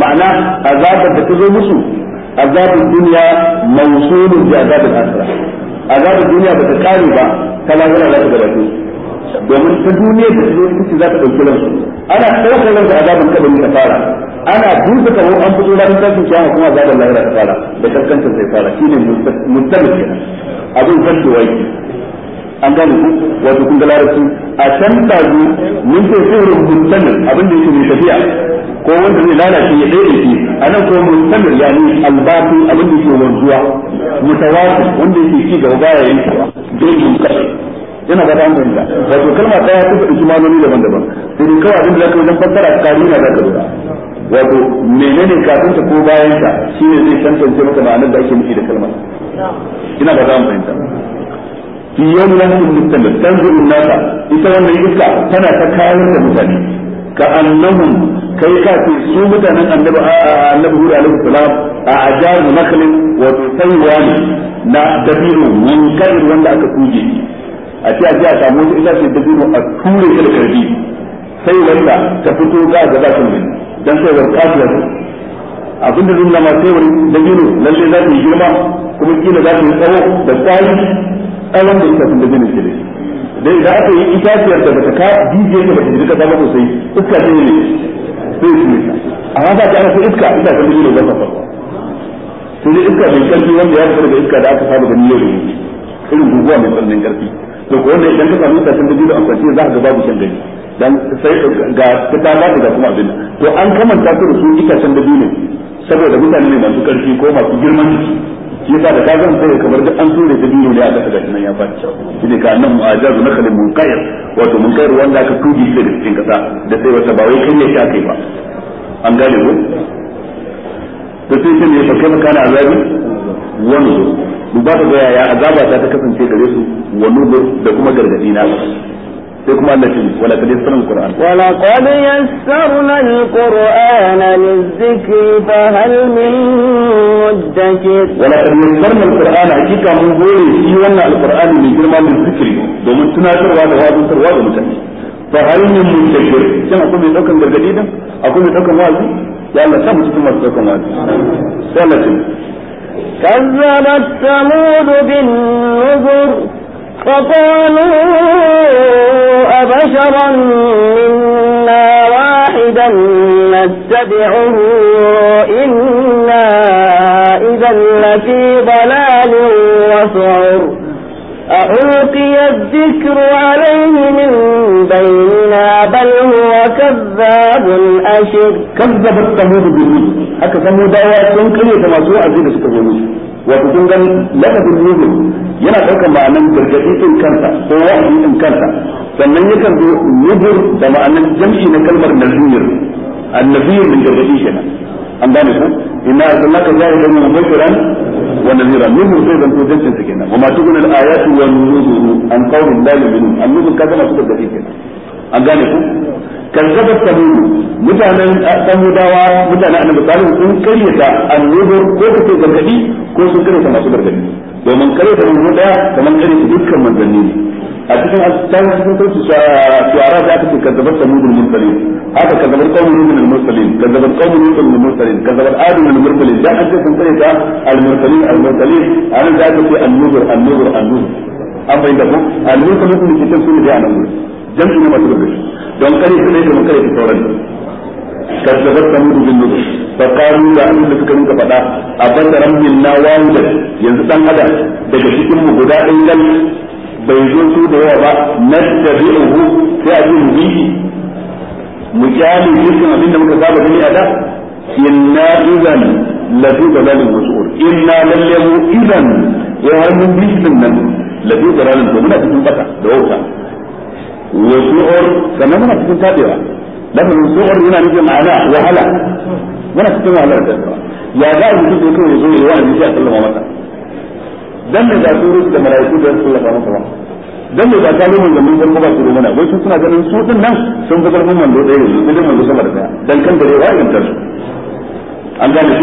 ma'ana azabar da ta zo musu azab dunya mawsulun bi azab al-akhirah azab dunya ba ta kare ba ta lahira za ta gabato domin ta duniya da ta kuke za ta dauki ransu ana ɗaukar ransu azabin kabari ta fara ana duka kawo an fito ranar tashin kiyama kuma azabin lahira ta fara da kaskanta sai fara shine mustamil kenan abin kashewa yake an gane ku wato kun ga larabci a ta tazu mun ce sirrin mustamil abin da yake mai tafiya ko wanda zai lalace ya daidai shi anan ko ya ni albatu abin da ke wanzuwa mutawatir wanda yake ci gaba baya yankewa dole kai yana ba ta an fahimta wato kalma daya ta faɗi kimanoni daban-daban sai dai kawai abin da zaka wajen fassara tsari na zaka lura wato menene kafin ta ko bayan ta shine zai tantance maka ma'anar da ake nufi da kalmar ina ba ta an fahimta fi yawmin mutamil tanzuru nasa ita wannan iska tana ta kayan da mutane ka annahum kai ka ce su mutanen annabi annabi hudu alaihi salam a ajar nakalin wato saiwa ne na dabino mun kai wanda aka kuje a ce a ji a samu wani itace dabino a ture shi da karfi sai wanda ta fito ga gaba kan dan sai wa kafiya abin da zuwa masu yawan dabino za su yi girma kuma kila za su yi tsawo da tsari tsawon da ita sun dai da aka yi itaciyar da bata ka jijiyar da bata ji kasa ba sosai iska ce ne sai su amma ba ta ana iska ita ta mutu da ba ta sai dai iska mai karfi wanda ya fita da iska da aka saba ganin yau da gobe irin guguwa mai tsananin karfi to ko wanda idan ka samu itacen da da amfani za ka ga babu shan gani dan sai ga ta dama da kuma abin to an kamanta su da su itacen da ne saboda mutane ne masu karfi ko masu girman jiki shi yasa da ka zan sai kamar duk an tura da biyu da aka saka nan ya fadi shi ne ka nan mu'ajazu na kalin munqayr wato munqayr wanda aka tuji shi da cikin kasa da sai wata ba wai kai ne ya kai ba an gane ko to sai shi ne fa kai kana azabi wani duba ka ga yaya azaba ta kasance gare su wani da kuma gargadi na sai kuma Allah shi wala kadai yassarna alquran wala qad yassarna alquran lizikri fa hal min mudakkir wala kad yassarna alquran hakika mun gore shi wannan alqurani mai girma zikri domin tunatarwa da wazantarwa da mutane fa hal min mudakkir shin akwai mai daukan gargadi dan akwai mai daukan wa'azi ya Allah sa mu cikin masu daukan wa'azi sai Allah كذبت ثمود بالنذر فقالوا أبشرا منا واحدا نتبعه إنا إذا لفي ضلال وسعر ألقي الذكر عليه من بيننا بل هو كذاب أشر كذب التمود بالرسل أكثر مدعوات آيات كنكرية كما سوى أزيد wato kun gani lafazin nuzul yana daukar ma'anan gargadi din kansa ko wa'azi din kansa sannan yakan zo nuzul da ma'anan jam'i na kalmar nazir annabiyyu min gargadi kenan an gane ku inna arsalnaka zahiran mubashiran wa nazira nuzul sai zan to jancin sa kenan wa ma tukun al-ayatu wan nuzul an qawmin la yu'minun an nuzul kaza na su gargadi kenan an gane ku kazzabat samud mutanen samudawa mutanen annabi salihu sun karyata annubur ko su kace gargadi ko sun karyata masu gargadi domin karyata manzo daya kamar karyata dukkan manzanni a cikin asibitin cikin sauci shara da ta ce kazzabar samud al-mursalin haka kazzabar qaumun nuh al-mursalin kazzabar qaumun nuh al-mursalin kazzabar adam al-mursalin da aka ce sun karyata al-mursalin al-mursalin an da aka ce annubur annubur annubur an bai da ku al-mursalin ne ke cikin sunan da annabi jam'i ne masu lokaci don kare su dai kamar kare su sauran kazzabar samudu bin nuzur fa qalu da abin da suka rinka faɗa a basaran minna wahidan yanzu dan adam daga cikin mu guda ɗin dan bai zo su da yawa ba nastabi'uhu sai a ji mu bi mu kyale dukkan abin da muka saba gani a da inna idan lafi dalalin musul inna lallahu idan ya eh, har mun bi nan lafi dalalin to muna cikin bata da wauta wa shu'ur sannan muna cikin tabewa lafazin shu'ur yana nufin ma'ana wahala muna cikin wahala da ya za a mutu ko ya zo ya wa'azi ya sallama masa dan da su rubuta da malaiku da sallama masa ba dan da ta mun da mun zama ba su mana wai su suna ganin su din nan sun ga mun mando da yake sun mun mando sama da daya dan kan da an gane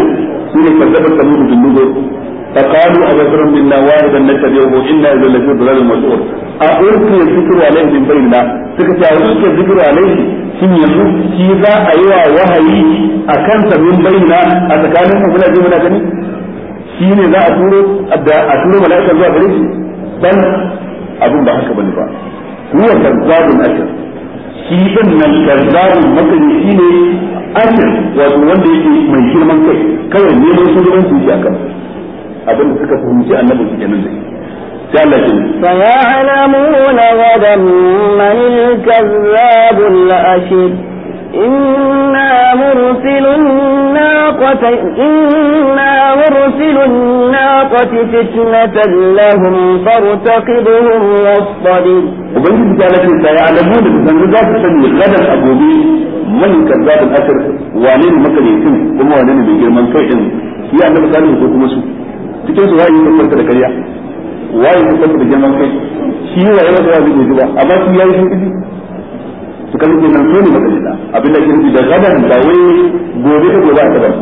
su su ne da mun فقالوا أبشر منا واردا نتبعه إنا إذا لفي ضلال مسعود ألقي الذكر عليه من بيننا سكت ألقي الذكر عليه sun yanzu shi za a yi wa wahayi a kansa min bayyana a tsakanin mu muna ji muna gani shi ne za a turo da a turo mala'ika zuwa gare shi dan abin ba haka bane ba huwa kazzabun ashir shi din nan kazzabun makani shi ne ashir wato wanda yake mai girman kai kawai neman shugabanci shi a kansa abin da suka fahimci annabi su kenan da سيعلمون غدا من الكذاب الأشر إنا مرسل الناقة إنا مرسل الناقة فتنة لهم فارتقبهم واصطبر وبين ذلك سيعلمون بأن ذات الشيء غدا أبوبي من الكذاب الأشر وعليه مكة يتم ثم وعليه بيجر من كيحن هي أنه سأله cikin su wayi sun farka da ƙarya wayi sun farka da girman kai shi wa yawa da zai gobe ba amma shi yayi sun kiji su kan yi nan sune makalita abin da ke nufi da gaban da wai gobe ta gobe a gaban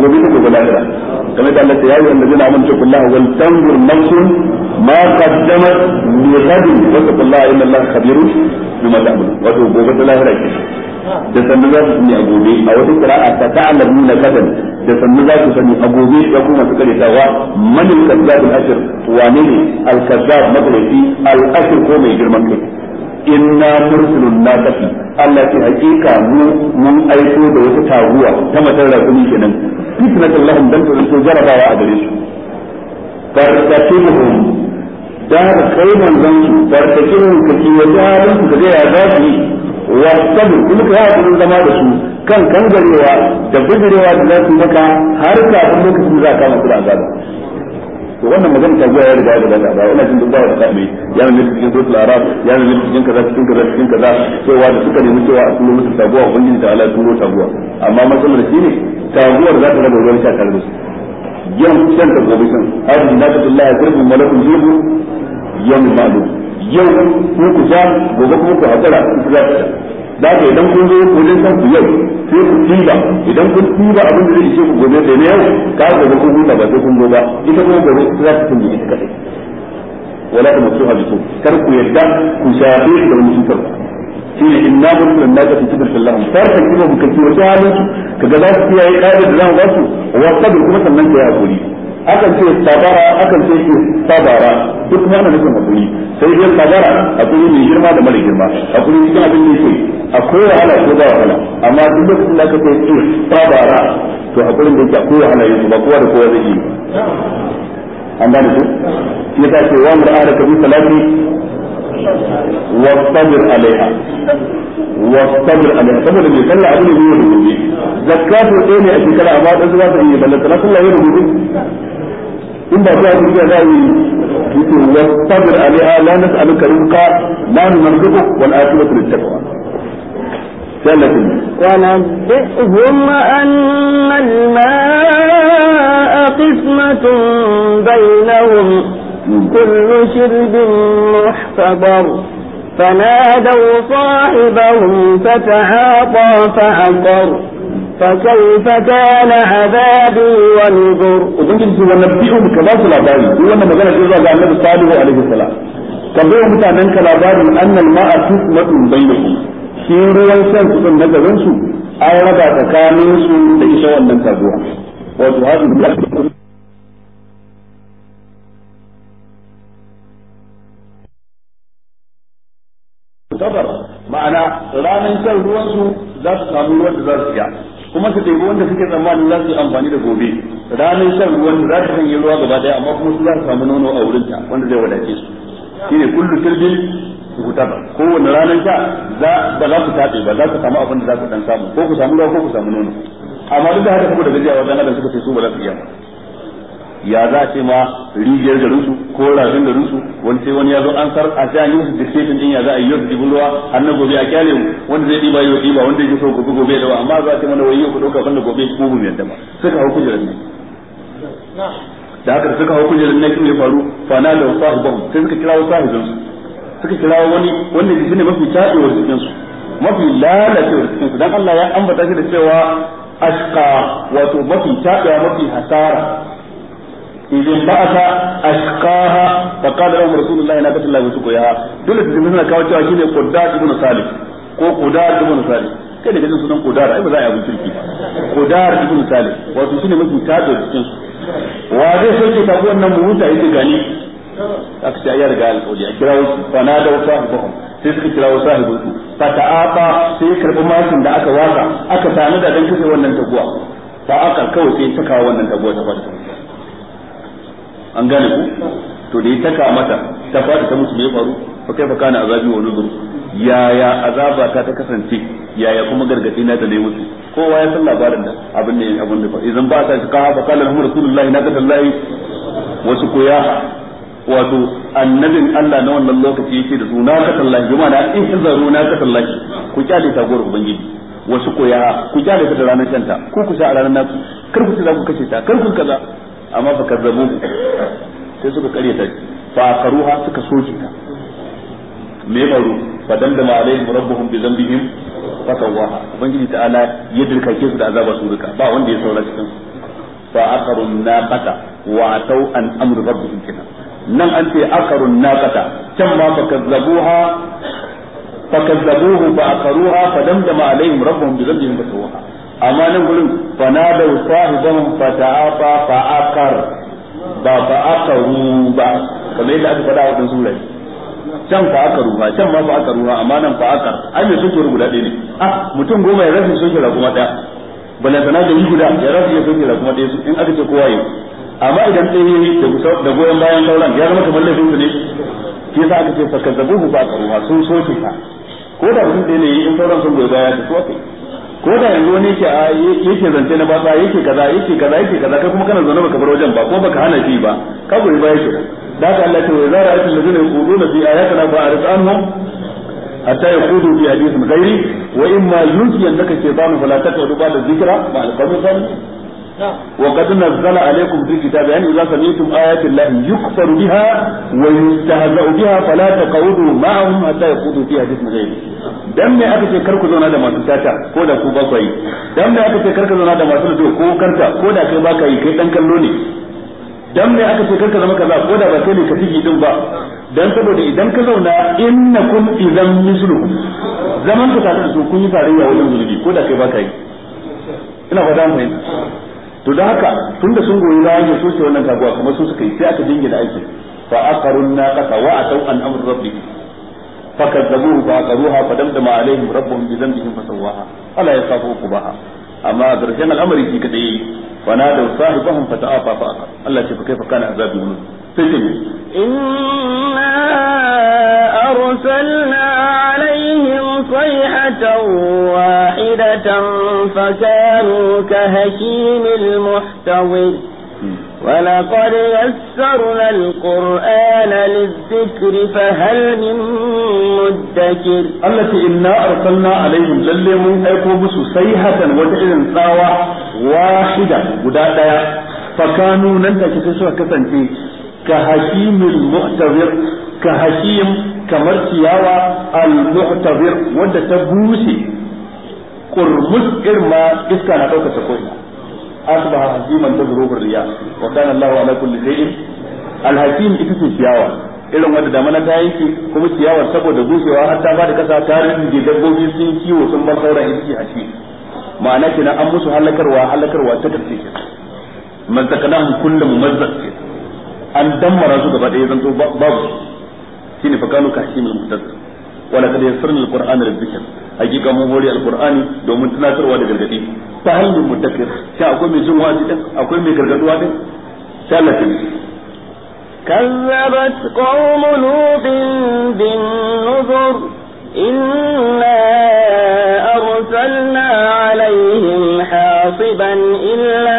gobe ta gobe lahira kamar da Allah ta yayi wanda zai amanta kullaha wal tanzur nafsun ma qaddamat li ghadin wa taqullaha inna Allah khabirun bima ta'malun wato gobe ta lahira ke da sannan za su yi a gobe a wata qira'a ta ta'lamuna kadan da sannu za su sani a gobe ya kuma su kare tawa man al ashir wane ne al-kazzab madalati al-ashir ko mai girman kai inna na naqati Allah ce hakika mu mun aiko da wata taruwa ta matar rasuli kenan fitnatul lahum dan su jarabawa a gare su farkatuhum da kai manzon su farkatuhum kake wata halin su da ya zafi wasu kuma kai hakuri zama da su kan kangarewa da bijirewa da za su maka har kafin lokacin za a kama su da azaba to wannan magana ta zuwa ya riga da daga ba ina jin dubawa da kaɗai ya nuna cikin suratul arab ya nuna cikin kaza cikin kaza cikin kaza cewa da suka nemi cewa a turo musu taguwa a ubangiji ta Allah turo taguwa amma matsalar shi ne taguwar za ta raba ruwan sha tare da su yau shan ta gobe shan hadin da ta Allah ya karbi malakul jibu yau malu yau ku ku sha gobe ku ku hadara ku za ta da idan kun zo ko kan ku yau sai ku tiba idan kun tiba abin da zai ce ku gobe da ne yau ka ga da kun huta ba sai kun zo ba ita kuma gobe za ta tunje ita kadai wala ta mutuha bi kar ku yadda ku shafe da musu cutar shi ne inna hum lan nakatu tibir sallahu tarka kuma ku kace wata halin kaga za su kiyaye ƙa'idar da za mu ba su wa kadu kuma sannan ka yi hakuri akan ce sabara akan ce sabara duk wannan nufin hakuri sai dai sabara a hakuri mai girma da mara girma hakuri cikin abin da yake akwai wahala ko ba wahala amma duk da da ka ce sabara to a hakurin da yake akwai wahala yake ba kowa da kowa zai yi an gane ku ya ta ce wa mur'ada ka kabi salati واصطبر عليها واصطبر alaiha saboda mai sallah abin da yake rubuce zakatu ne a cikin abada zuwa ta yi ballan sallah yake rubuce إن الله إذا غاوي يقول واصبر عليها لا نسألك رزقا لا نرزقك والآخرة للتقوى. ونبئهم أن الماء قسمة بينهم كل شرب محتضر فنادوا صاحبهم فتعاطى فعقر فكيف كان عذابي ونذر ubangiji ce wannan bi'u ka ba su labari duk wannan magana ce zuwa ga Annabi Salihu alaihi salam ka bai wa mutanen ka labarin annal ma'a tusmatun bainakum shi ruwan shan su na gaban an raba tsakanin da wannan ma'ana ranar shan ruwansu za su samu ruwan da za su yi. kuma su ɗebi wanda suke tsammanin za su yi amfani da gobe ranar shan ruwan za ta sanya ruwa gaba daya amma kuma su za su samu nono a wurin ta wanda zai wadace su shine kullu su huta ba kowane ranar sha za ba za ku taɓe ba za ku samu abin da za ku dan samu ko ku samu ruwa ko ku samu nono amma duk da haka saboda gajiya wajen adam suka ce su ba za su iya ba ya za a ce ma rijiyar da rusu ko rafin da rusu wani sai wani ya zo an sar a sai an yi musu dictation din ya za a yi yau dibin ruwa har na gobe a kyale mu wanda zai diba yau diba wanda yake so gobe gobe da amma za a ce mana wai yau ku dauka banda gobe ko mu yadda ba suka hau kujerar ne da haka suka hau kujerar ne kuma ya faru fana da wasu sahibahum sai suka wasu sahibin su suka kira wani wanda ne mafi kyawun cikin su mafi lalacewar cikin su dan Allah ya ambata shi da cewa ashqa wato mafi tabewa mafi hasara ba إذ انبعث أشقاها فقال لهم رسول الله ناقة dole su دولة kawo cewa shine qudda ibn salih ko qudda ibn salih kai da gidan sunan qudda ai ba za a yi abin kirki qudda ibn salih wato shine mafi tado cikin su wa zai sauke ta ko wannan mutunta yake gani aka ce ya riga alƙawli a kirawo su fa na da wata hukum sai suka kirawo sahibin su fa aba sai karɓi makin da aka waka aka tanu da dan kace wannan taguwa fa aka kawai sai ta kawo wannan taguwa ta fata an gane ku to da ya taka mata ta fada ta musu mai faru fa kai fa kana azabi wa nuzur yaya azaba ta ta kasance yaya kuma gargadi na ta ne musu kowa ya san labarin da abin ne abin da fa idan ba ta ka fa kana Muhammad rasulullahi na kadallahi wasu koya wato annabin Allah na wannan lokaci yake da su na kadallahi kuma na? in zaro na kadallahi ku kyale ta gore ubangiji wasu koya ku kyale ta da ranar kanta ku ku sha a ranar naku kar ku ta za ku kace ta kar ku kaza amma fa kazzabu sai suka kare ta fa karuha suka soke ta me faru fa dandama alaihim rabbuhum bi dhanbihim fa sawaha ubangiji ta'ala ya dirkake su da azaba su duka ba wanda ya saura cikin fa aqarun naqata wa atau an amru rabbihim kina nan an ce aqarun naqata can ma fa kazzabuha fa kazzabuhu fa aqaruha fa dandama alaihim rabbuhum bi dhanbihim fa sawaha amma nan gurin فنادوا صاحبهم فتعاطى فعقر ba fa akaru ba kamar yadda aka faɗa a wajen surai can fa akaru ba can ma fa akaru ba amma nan fa akar ai mai soke guda ɗaya ne mutum goma ya rasa soke ra kuma ɗaya balantana da guda ya rasa ya soke ra kuma ɗaya in aka ce kowa amma idan ɗaya yi da goyon bayan sauran ya zama kamar laifin ne shi yasa aka ce fa kazzabuhu ba ba sun soke ka ko da mutum ɗaya ne in sauran sun goyi baya da su aka ko da yanzu wani yake ah, yake zance na batsa yake kaza yake kaza yake kaza kai kuma kana zaune baka bar wajen ba ko baka hana shi ba ka goyi ba yake da ka Allah ce wa zara ayatul ladina yaquluna fi a fa'rid anhum hatta yaqudu fi hadithin gairi wa imma falata shaytanu fala ba da zikira ba qawmi وقد نزل عليكم في الكتاب يعني اذا سمعتم ايات الله يكفر بها ويستهزا بها فلا تقعدوا معهم حتى يخوضوا فيها حديث غيره dan ما aka ce karku zauna da masu tata ko da ku ba dan me aka ce karka zauna da masu da ko karka ko da kai yi kai dan kallo ne dan aka ce karka zama kaza ko da ba kai ne ka tigi din ba dan saboda idan ka zauna innakum idan zaman ku tare da su kun yi tarayya wajen zulubi ko da kai ba yi ina fata mu fahimta to da haka tunda sun goyi bayan ya soke wannan taguwa kuma su suka yi sai aka jingina aikin fa aqarun naqata wa atau an amr rabbi fa fakazzabuhu fa aqaruha fa damdama alaihim rabbuhum bi dhanbihim fa sawaha ala yasafu qubaha amma darajan al'amari shi kada yi wa na sahibahum fa ta'afa fa aqar Allah ce fa kaifa kana azabi mun sai ce inna arsalna alaihim sayhatan حمولة فكانوا كهشيم المحتضر ولقد يسرنا القرآن للذكر فهل من مدكر التي إنا أرسلنا عليهم للي من أيكوبس سيحة وتعلن ساوة واحدة وداتا فكانوا ننتا كتشوى كسنتي كهشيم المحتضر كهشيم كمر ciyawa al-muhtabir wanda ta bushe kurmus irma iska na dauka ta ko'ina asbaha hakiman ta zurubar riya wa kana Allahu ala kulli shay'in alhakim ita ce ciyawa irin wanda damana ta yanke kuma ciyawar saboda bushewa har ta bada kasa ta rinje dabbobi sun kiwo sun ba saura ita a hashi ma'ana kenan an musu halakarwa halakarwa ta tafi ke man takanahum kullu mumazzaq ke an dammara su gaba ɗaya zanto babu shine fa kanu ka hashimul muhtadar wa laqad yassarna alqur'ana lidhikr hakika mun hore alqur'ani domin tunatarwa da gargadi ta hanyar mutakir sai akwai mai jin wazi din akwai mai gargaduwa din sai Allah ta كذبت قوم لوط بالنذر إنا أرسلنا عليهم حاصبا إلا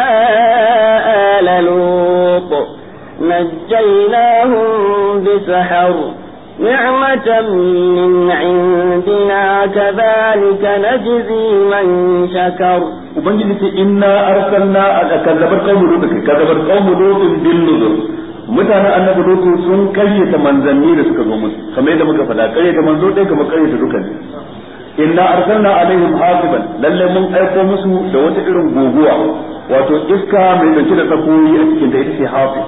آل لوط نجيناهم بسحر نعمة من عندنا كذلك نجزي من شكر ubangiji ce inna arsalna a kallabar qaumu lut kallabar qaumu lut bil nuzur mutanen annabi lut sun karyata manzanni da suka zo musu kamar yadda muka faɗa karyata manzo dai kamar karyata dukan inna arsalna alaihim hasiban lalle mun aiko musu da wata irin guguwa wato iska mai dauke da tsakoyi ta ita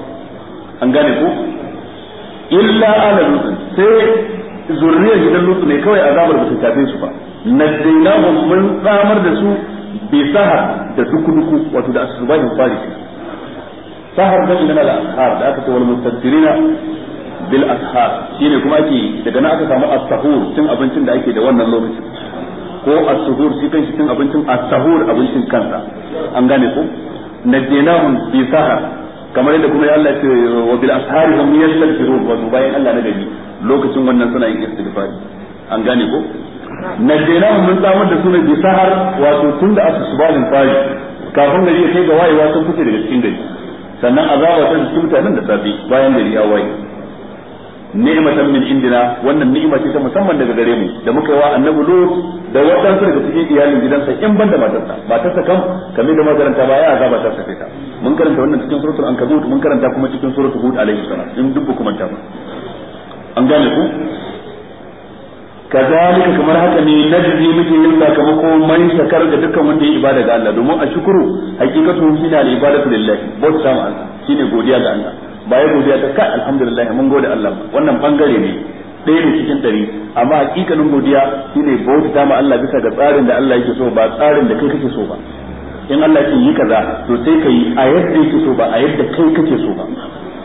an gane illa ala lutu sai zurriyar gidan lutu ne kawai azabar ba ta tafe su ba daina mun tsamar da su bi sahar da duku-duku wato da asubahin fari sahar da inna al ashar da aka ce wal mustaddirina bil ashar shine kuma ake daga nan aka samu as-sahur cin abincin da ake da wannan lokacin ko as-suhur shi kanshi cin abincin as-sahur abincin kansa an gane ko nadainahum bi sahar kamar yadda kuma Allah ce wa bil ashari hum yastaghfirun wa bayan Allah na gari lokacin wannan suna yin istighfari an gane ko na dena mun samar da sunan bi sahar wato tun da aka subalin fari kafin gari ya kai ga wayewa sun fice daga cikin gari sannan azaba ta su mutanen da safe bayan gari ya waye ni'matan min indina wannan ni'ima ce ta musamman daga gare mu da muka yi wa annabi lut da wadansu daga cikin iyalin gidansa in banda matarsa matarsa kam kamar da makaranta ba ya azaba ta safe ta mun karanta wannan cikin suratul ankabut mun karanta kuma cikin suratul hud alaihi salam in duk kuma ta an gane ku kazalika kamar haka ne najzi muke kamar ko man shakar da dukkan wanda ya ibada ga Allah domin a shukuru hakikatu shine al ibadatu lillahi bauta ma Allah shine godiya ga Allah ba ya godiya ta ka alhamdulillah mun gode Allah wannan bangare ne ɗaya ne cikin dari amma hakikanin godiya shine bauta ma Allah bisa ga tsarin da Allah yake so ba tsarin da kai kake so ba in Allah yake yi kaza to sai ka yi a yadda yake so ba a yadda kai kake so ba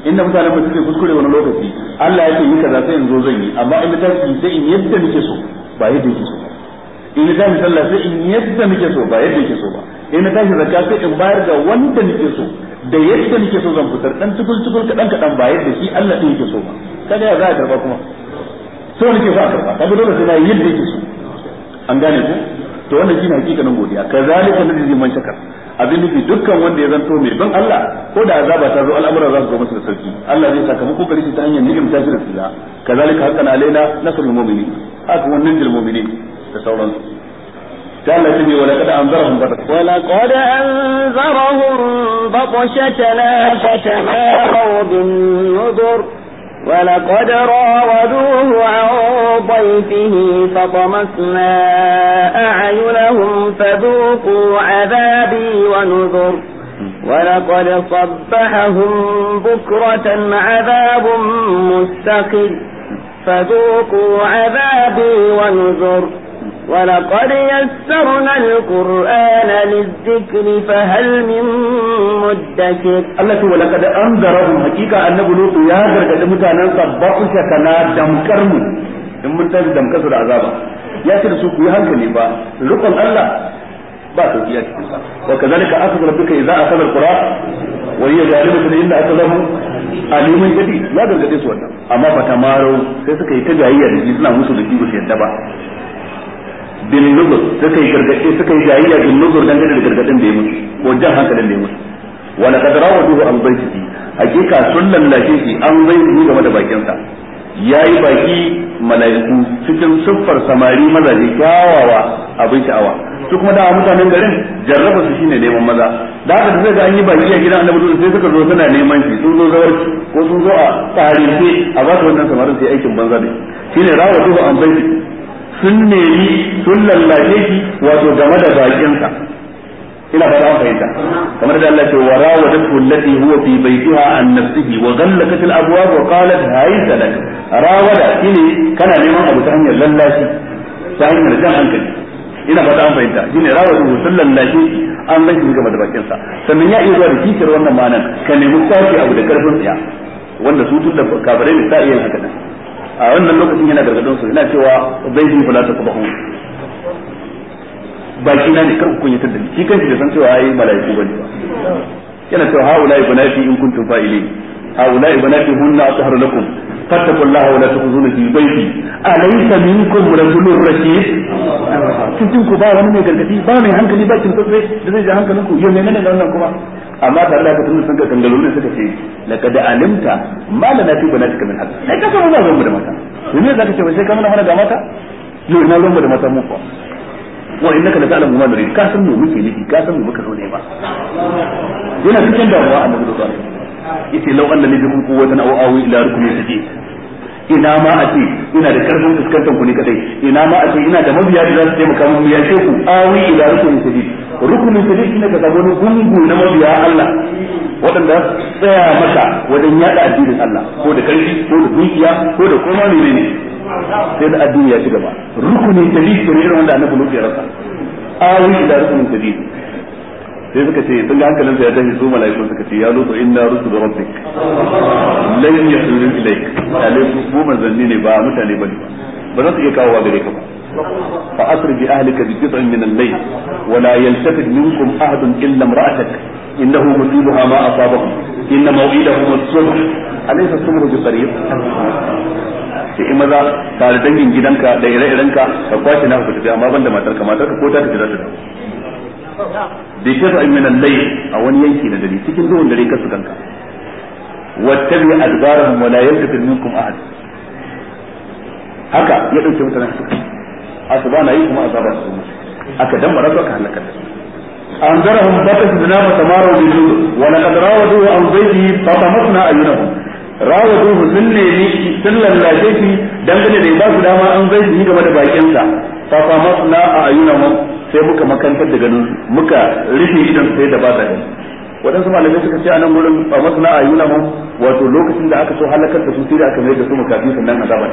inda mutane ba suke kuskure wani lokaci Allah yake yi kaza sai in zo zan yi amma in ta yi sai in yadda nake so ba yadda yake so in ta yi sallah sai in yadda nake so ba yadda yake so ba in ta yi zakka sai in bayar da wanda nake so da yadda nake so zan fitar dan tukul tukul kadan kadan ba yadda shi Allah din yake so ba kaga ya za a karba kuma so nake so a karba kaga dole sai na yi yadda yake so an gane ku to wannan shi shine hakikanin godiya kazalika zai man shakar abin nufi dukkan wanda ya zanto mai ban Allah ko da azaba ta zo al'amura za su zo masa da sauki Allah zai saka muku gari ta hanyar ni'imta ta da tsira kazalika haqqan alaina nasrul mu'minin haka wannan dil mu'minin da sauransu قال سيدي ولقد أنذرهم بطشتنا ولقد أنذرهم بطشتنا فتماروا بالنذر ولقد راودوه عن ضيفه فطمسنا أعينهم فذوقوا عذابي ونذر ولقد صبحهم بكرة عذاب مستقل فذوقوا عذابي ونذر ولقد يسرنا القرآن للذكر فهل من مدكر الله سوى لقد أنذرهم حقيقة أن بلوط ياغر قد متانا صبعشتنا دمكرم in mun tashi damkasu da azaba ya ce da su ku yi hankali ba rukun Allah ba sauki a cikin sa wa kazalika akhadha rabbuka idza akhadha alqura wa hiya zalimatun inda akhadahu alimun ya gargade su wannan amma sai suka yi ta jayayya da suna musu da shi yadda ba bin nuzur suka yi gargaɗe suka yi jayayya bin nuzur dan da gargaɗin da ya mutu ko jan hankalin da ya mutu wa laqad rawaduhu an baytihi hakika sun lallashe shi an baytihi game da bakinsa yayi baki mala'iku cikin sufar samari mazaje kyawawa abin sha'awa su kuma da mutanen garin jarraba su shine neman maza da haka sai ga an yi baki a gidan annabi sai suka zo suna neman shi sun zo zawar ko sun zo a tarihi a ba su wannan samarin sai aikin banza da shi shine rawaduhu an baytihi sun nemi sun lallace shi wato game da bakinsa ina fata an fahimta kamar da Allah wara wa rawadatu allati huwa fi baytiha an nafsihi wa ghallaqat al abwab wa qalat hayta lak rawada shine kana neman abu ta hanyar lallashi ta hanyar jan hankali ina fata an fahimta shine rawadu sun lallashi an rage game da bakinsa sannan ya iya zuwa da kikir wannan ma'anar ka nemi sashi abu da karfin tsiya wanda su tun da kafirai ne sa iya haka nan a wannan lokacin yana gargadin su yana cewa zai yi fala ta kubahu baki na ne kar ku kunyatar da ni shi kanshi da san cewa ai malaiku bane yana cewa haula ibnati in kuntum fa'ilin haula ibnati hunna atharu lakum فاتقوا الله ولا تخزون في بيتي أليس منكم رجل رشيد kin ku ba wani mai gargadi ba mai hankali ba kin tsotse da zai ji ku yau menene da wannan kuma amma tare da haka tun sun ka kangaro ne suka ce laqad alimta ma lana fi banatika min hadd sai ka san ba mu da mata to ne zaka ce wai sai ka nuna fara ga mata yo ina zan mu da mata mu fa wa innaka la ta'lamu ma nuri ka san mu muke nufi ka san mu muka zo ne ba yana cikin damuwa annabi sallallahu alaihi wasallam yace law anna li bikum quwwatan aw awi ila rukni sajid ina ma a ce ina da karfin fuskantar ku ne kadai ina ma a ce ina da mabiya da za su taimaka mun ya ku awi ila rukunin sadid rukunin sadid shine ka zama gungu na mabiya Allah waɗanda tsaya maka wajen yada addinin Allah ko da karfi ko da dukiya ko da koma menene sai da addini ya ci gaba rukunin sadid ne irin wanda annabi Lut ya rasa awi ila rukunin sadid sai suka ce sun ga hankalin sa ya tashi su mala'iku suka ce ya lutu inna rusul rabbik lan yahdurun ilayk alaikum ku manzanni ne ba mutane bane ba za su iya kawo gare ka ba fa asri bi ahlika bi jiz'in min al-layl wa la yaltafit minkum illa imra'atak innahu musibuha ma asabahum inna maw'idahum as-subh alaysa as-subh bi qarib sai in maza tare dangin gidanka da ire-irenka ka kwace na ku tafi amma banda matarka matarka ko ta tafi za ta dawo bi shafa'in min al a wani yanki na dare cikin duhun dare kasu kanka wattabi adbarahum wa la yaltafi kuma ahad haka ya dauke mutanen suka asuba na yi kuma azaba su aka dan marasa ka halaka أنذرهم zuwa an بالجوع ولقد راودوه عن بيته فطمسنا أعينهم duhu sun nemi sun sun lallace shi dangane da ba su dama an zai yi game da bakin sa fa fa masna a ayyuna mu sai muka makantar da ganin muka rufe idan sai da ba da waɗansu malamai suka ce a nan gurin a masana a yuna mu wato lokacin da aka so halakar da su sai da aka mai da su makafi sannan azaban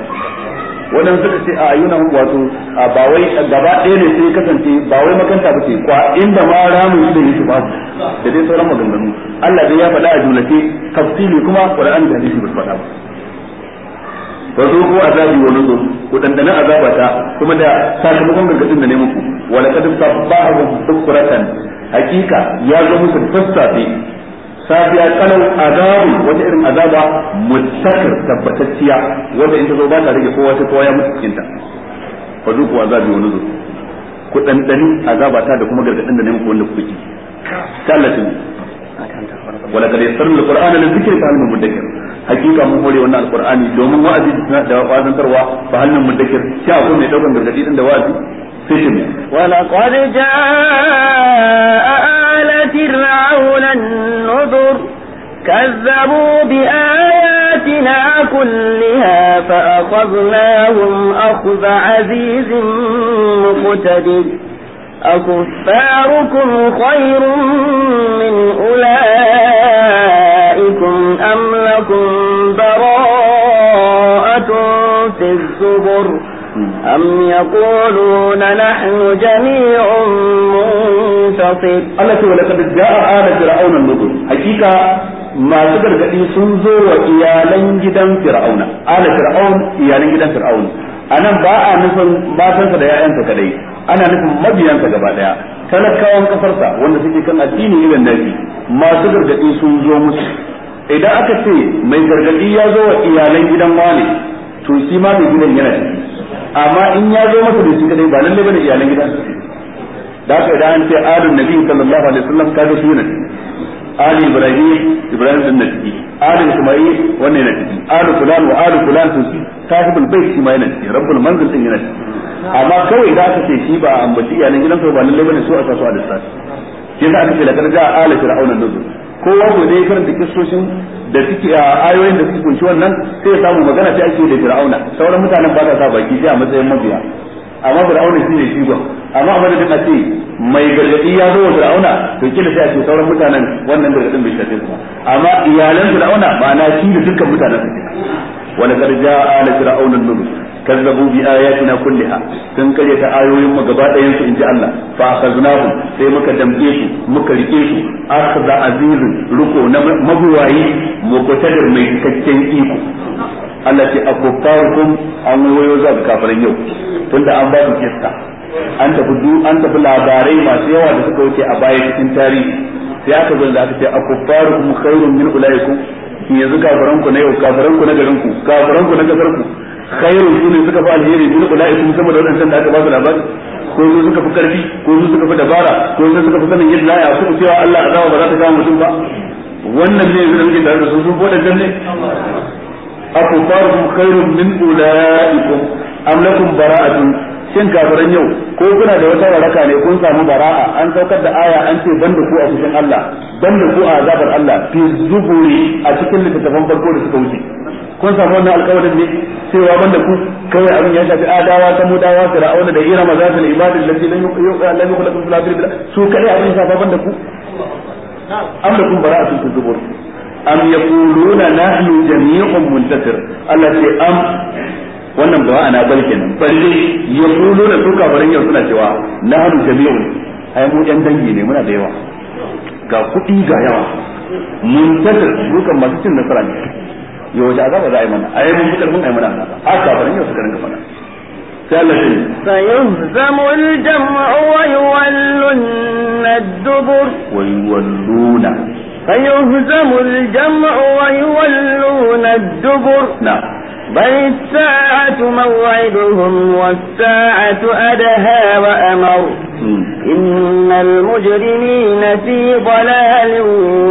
wannan suka ce a yuna mu wato a ba wai gaba ɗaya ne sai kasance ba wai makanta ba ce kwa inda ma ramu ramin da yake ba da dai sauran maganganu Allah dai ya faɗa a julace tafsili kuma Qur'ani da hadisi ba su faɗa ba فذوقوا ko azabi ودندنا عذابتا ثم dandana azabata kuma da ne muku wa laqad sabbahum bukratan hakika ya zo musu da sassafe safiya kalau azabu wata irin azaba mutakar tabbatacciya wanda in ta zo ba ta rage kowa ta kowa ya mutu cikin ta fa zuku azabi wa zo ku dandani azaba ta da kuma gargadin da ne muku wanda kuke sallatin wala kad yassarna alqur'ana lil zikri ta hal mudakkir hakika mun hore wannan alqur'ani domin wa'azi da wa'azantarwa fa hannun mudakkir sai akwai mai daukan gargadi din da wa'azi فتنة ولقد جاء آل فرعون النذر كذبوا بآياتنا كلها فأخذناهم أخذ عزيز مقتدر أكفاركم خير من أولئكم أم لكم براءة في الزبر أم يقولون نحن جميع منتصر التي ولقد جاء آل فرعون النذر حقيقة ما تقدر قد سنزو وإيالا جدا فرعون آل فرعون إيالا جدا فرعون أنا باء نفن ما تنسى يا أنت كدي أنا نفن مبيانك gaba daya talakawan kasarsa wanda suke kan addini irin nabi masu gargadi sun zo musu idan aka ce mai gargadi ya zo wa iyalan gidan wane to shi ma mai gidan yana ciki amma in ya zo masa da shi kadai ba lalle bane iyalan gidan da haka idan an ce alun nabi sallallahu alaihi wasallam kaga shi ne ali ibrahim ibrahim din nabi ali isma'il wannan yana ciki ali fulan wa ali fulan sun ci sahibul bait shi ma yana ciki rabbul manzil din yana ciki amma kawai da aka ce shi ba ambaci iyalan gidan ba lalle bane so a sa su a lissafi shi aka ce la karja ala fir'auna nuzul ko ko dai karanta kissoshin da suke a ayoyin da suke kunshi wannan sai ya samu magana ta ake da fir'auna sauran mutanen ba ta sa baki sai a matsayin mabiya amma fir'auna shi ne ba amma amma da ce mai gargadi ya zo wa fir'auna to kila sai a ce sauran mutanen wannan gargadin bai shafe su ba amma iyalan fir'auna ba na shi da dukkan mutanen su wala qad jaa ala fir'auna an-nuzur kazzabu bi ayatina kulliha sun kare ta ayoyin mu gaba ɗayan su inji Allah fa akhadnahu sai muka damke su muka rike su akhadha azizun ruko na mabuwayi muqtadir mai cikakken iko Allah ce akufarukum an wayo za ga kafirin yau tunda an ba su kista an tafi an tafi labarai masu yawa da suka wuce a baya cikin tarihi sai aka zo da aka ce akufarukum khairun min ulaikum yanzu kafiranku na yau kafiranku na garinku kafiranku na kasarku khairun su ne suka fi alheri kula ulaikum sama da wadannan da aka ba su labari ko su suka fi karfi ko su suka fi dabara ko su suka fi sanin yadda ya su cewa Allah azaba ba za ta kama mutum ba wannan ne su da muke tare da su sun bodan dan ne akufarukum khairu min ulaikum am lakum bara'atun shin kafiran yau ko kuna da wata waraka ne kun samu bara'a an saukar da aya an ce banda ku a cikin Allah banda ku a azabar Allah fi zuburi a cikin littattafan farko da suka wuce kun samu wannan alƙawarin ne cewa banda ku kawai abin ya shafi adawa ta mudawa wanda da irama za su da ibadin lafi lam yukhlaqu fil ardi su kai abin ya shafa banda ku am bara a fi zubur am yaquluna nahnu jami'un muntasir allati am wannan ba ana barke nan balle da su kafaran yau suna cewa na nahnu jami'un ai mu ɗan dangi ne muna da yawa ga kuɗi ga yawa muntasir dukan masu cin nasara ne yau wace azaba za a yi mana a yi mun fi karfin a yi mana haka ba yau su karin gaba سيهزم الجمع ويولون الدبر ويولون سيهزم الجمع ويولون الدبر نعم بل الساعة موعدهم والساعة أدهى وأمر إن المجرمين في ضلال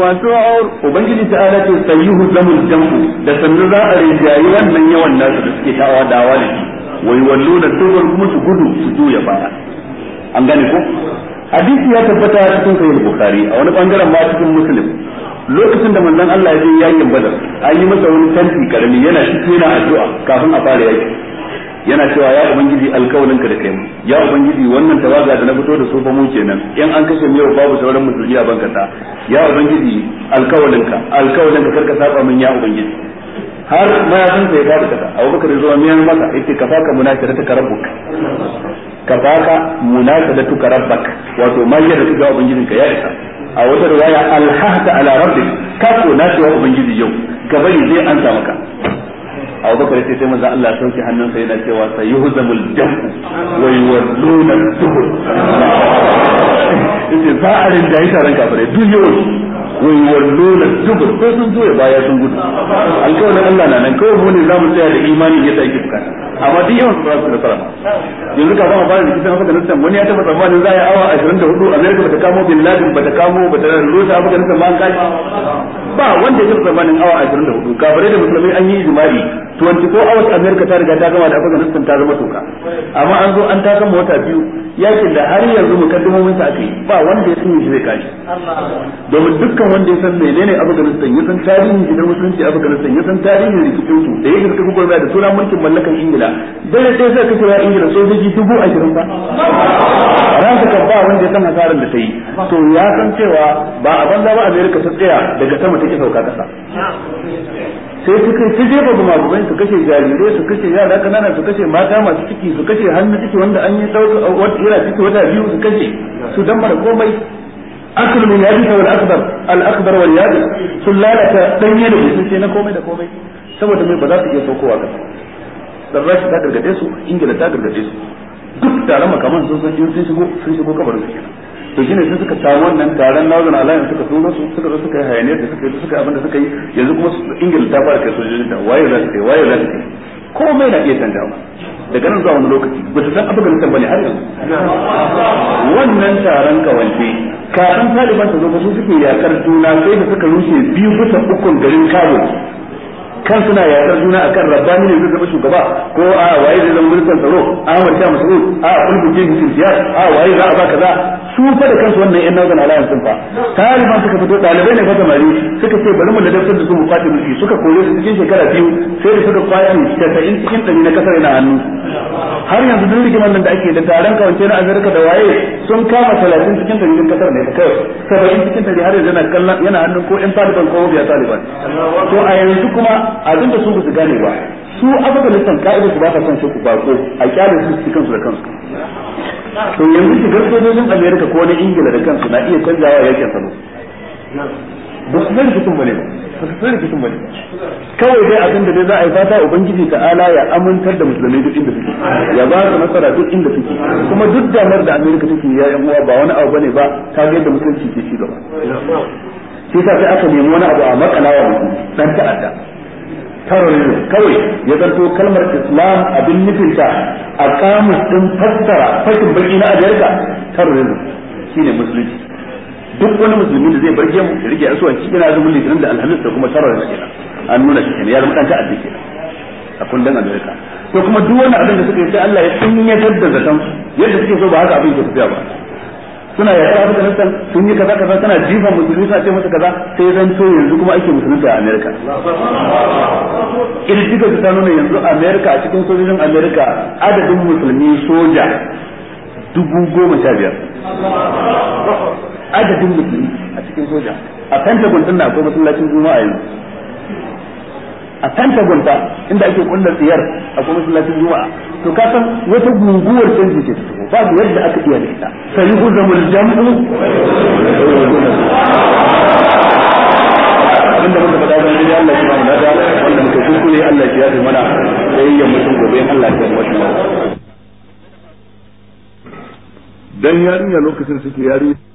وسعر وبنجي تعالى سيهزم الجمع لسنة الرجال ومن يوى الناس بسكتا ودعوانه ويولون الدبر مسجد سجو يبارا أنجانكم حديث يا تبتا cikin sahih bukhari a wani bangaren ma cikin muslim lokacin da manzon Allah ya je yakin badar an yi masa wani tanti karami yana cikin yana addu'a kafin a fara yaki yana cewa ya ubangiji alkawalin ka da kai mu ya ubangiji wannan tawaga da na fito da su fa mu kenan in an kashe mu yau babu sauran musulmi a bankata ya ubangiji alkawalin ka alkawalin ka karka saba min ya ubangiji har mayafin ta ya kasa a abubakar zuwa miyan maka yace ka faka da ta karabuka ka faka da ta karabbaka wato mai da ta kuka ubangijinka ya isa a wata riwaya alhahta ala rabbik ka ko na ce wa ubangiji yau ne zai an maka Abu Bakar sai sai manzo Allah sauke hannunsa yana cewa sayuhzamul jamu wa yuwalluna dubur yace za a rinda yi taron kafirai duk wa yuwalluna dubur ko sun zo ya baya sun gudu alƙawarin Allah na nan kawai mu ne zamu tsaya da imani yadda ake bukata amma duk yawan su ba su da sarama yanzu ka zama bani rikicin afganistan wani ya taɓa tsammanin za a yi awa ashirin da hudu amerika bata kamo bin laden bata kamo bata rusa afganistan ma an kashi ba wanda ya taɓa tsammanin awa ashirin da hudu kafirai da musulmi an yi ijimari 24 hours amerika ta riga ta gama da afganistan ta zama toka amma an zo an ta gama wata biyu yakin da har yanzu mukaddumomin sa aka yi ba wanda ya san shi zai kashi domin dukkan wanda ya san menene afganistan ya san tarihin shi na musulunci afganistan ya san tarihin rikicinsu da ya gaske kuma da suna mulkin mallakan ingila dare sai sai kace wa ingila sojoji dubu jirin ba ran ka ba wanda ya san hasaran da ta yi to ya san cewa ba a banza ba america ta tsaya daga sama take sauka kasa sai su kai su jefa gumagumin su kashe jarirai su kashe yara kanana su kashe mata masu ciki su kashe hannu ciki wanda an yi ɗauka yana ciki wata biyu su kashe su dan mara komai akal min yadi wal akbar al akbar wal yadi sun dan danye da sun ce na komai da komai saboda mai ba za su iya saukowa kasa dan rashi ta gargade su ingila ta gargade su duk tare makaman sun san sun shigo sun shigo kabarin su kenan to shine sun suka samu wannan taron Northern Alliance suka so su suka zo suka yi hayaniyar da suka yi suka abin da suka yi yanzu kuma ingila ta fara kai sojojin da waye za su kai waye za su kai komai na iya ma daga nan zuwa wani lokaci ba su san afganistan bane har yanzu wannan taron kawance kafin taliban ta zo ba su suke yakar juna sai da suka rushe biyu bisa ukun garin kabo kan suna yaƙar juna akan rabbani ne zai zama shugaba ko a waye zai zama ministan tsaro a Ahmad Shah musu a kulkuke siyar a waye za a ba kaza su fa da kansu wannan yan nazan alayan sun fa taliban suka fito dalibai ne fa samari suka ce bari mu ladabtar da su mu kwace mulki suka kore su cikin shekara biyu sai da suka kwace 90 cikin ɗari na kasar yana hannu har yanzu duk rigimar nan da ake da taron kawance na Amerika da waye sun kama 30 cikin ɗari na kasar ne kai 70 cikin ɗari har yanzu yana kallon yana hannun ko yan taliban ko biya taliban to a yanzu kuma abinda sun ba su gane ba su afganistan ka'idar su ba ta son shi ku bako a kyale su su kansu da kansu to yanzu shigar sojojin america ko wani ingila da kansu na iya wa yake salo ba su san rikicin bane ba ba su san rikicin bane kawai dai abin da dai za a yi fata ubangiji ta ala ya amintar da musulmai duk inda suke ya ba su nasara duk inda suke kuma duk damar da amerika take ya yan uwa ba wani abu bane ba ta ga yadda mutunci ke ci gaba shi sa sai aka nemi wani abu a makalawa mutum dan ta'adda terrorism kawai ya zarto kalmar islam abin nufinta a kamus din fassara fashin baki na ajiyarka shi ne musulunci duk wani musulmi da zai barge mu da rike asuwanci ina azumin litinin da alhamis da kuma terrorism kenan an nuna shi kenan ya zama kanta addini kenan a kundin amerika to kuma duk wani abin da suka yi sai Allah ya tsinyatar da zaton yadda suke so ba haka abin ke tafiya ba suna da afganistan sun yi kaza kaza suna jifa musulmi suna ce masa kaza sai zan to yanzu kuma ake musulunci a amerika ƙididdiga su ta nuna yanzu amerika a cikin sojojin amerika adadin musulmi soja dubu goma sha biyar adadin musulmi a cikin soja a pentagon din na akwai masallacin juma'a yanzu a pentagon ta inda ake kunna tsiyar a kuma masallacin juma'a to ka san wata guguwar canji ke fito ba da yadda aka iya da ita sai huzamul jam'u abinda muka faɗa da ne Allah ya ba mu da wanda muka kuskure Allah ya yi mana sai ya mutum gobe Allah ya yi mutum dan yarinya lokacin suke yarinya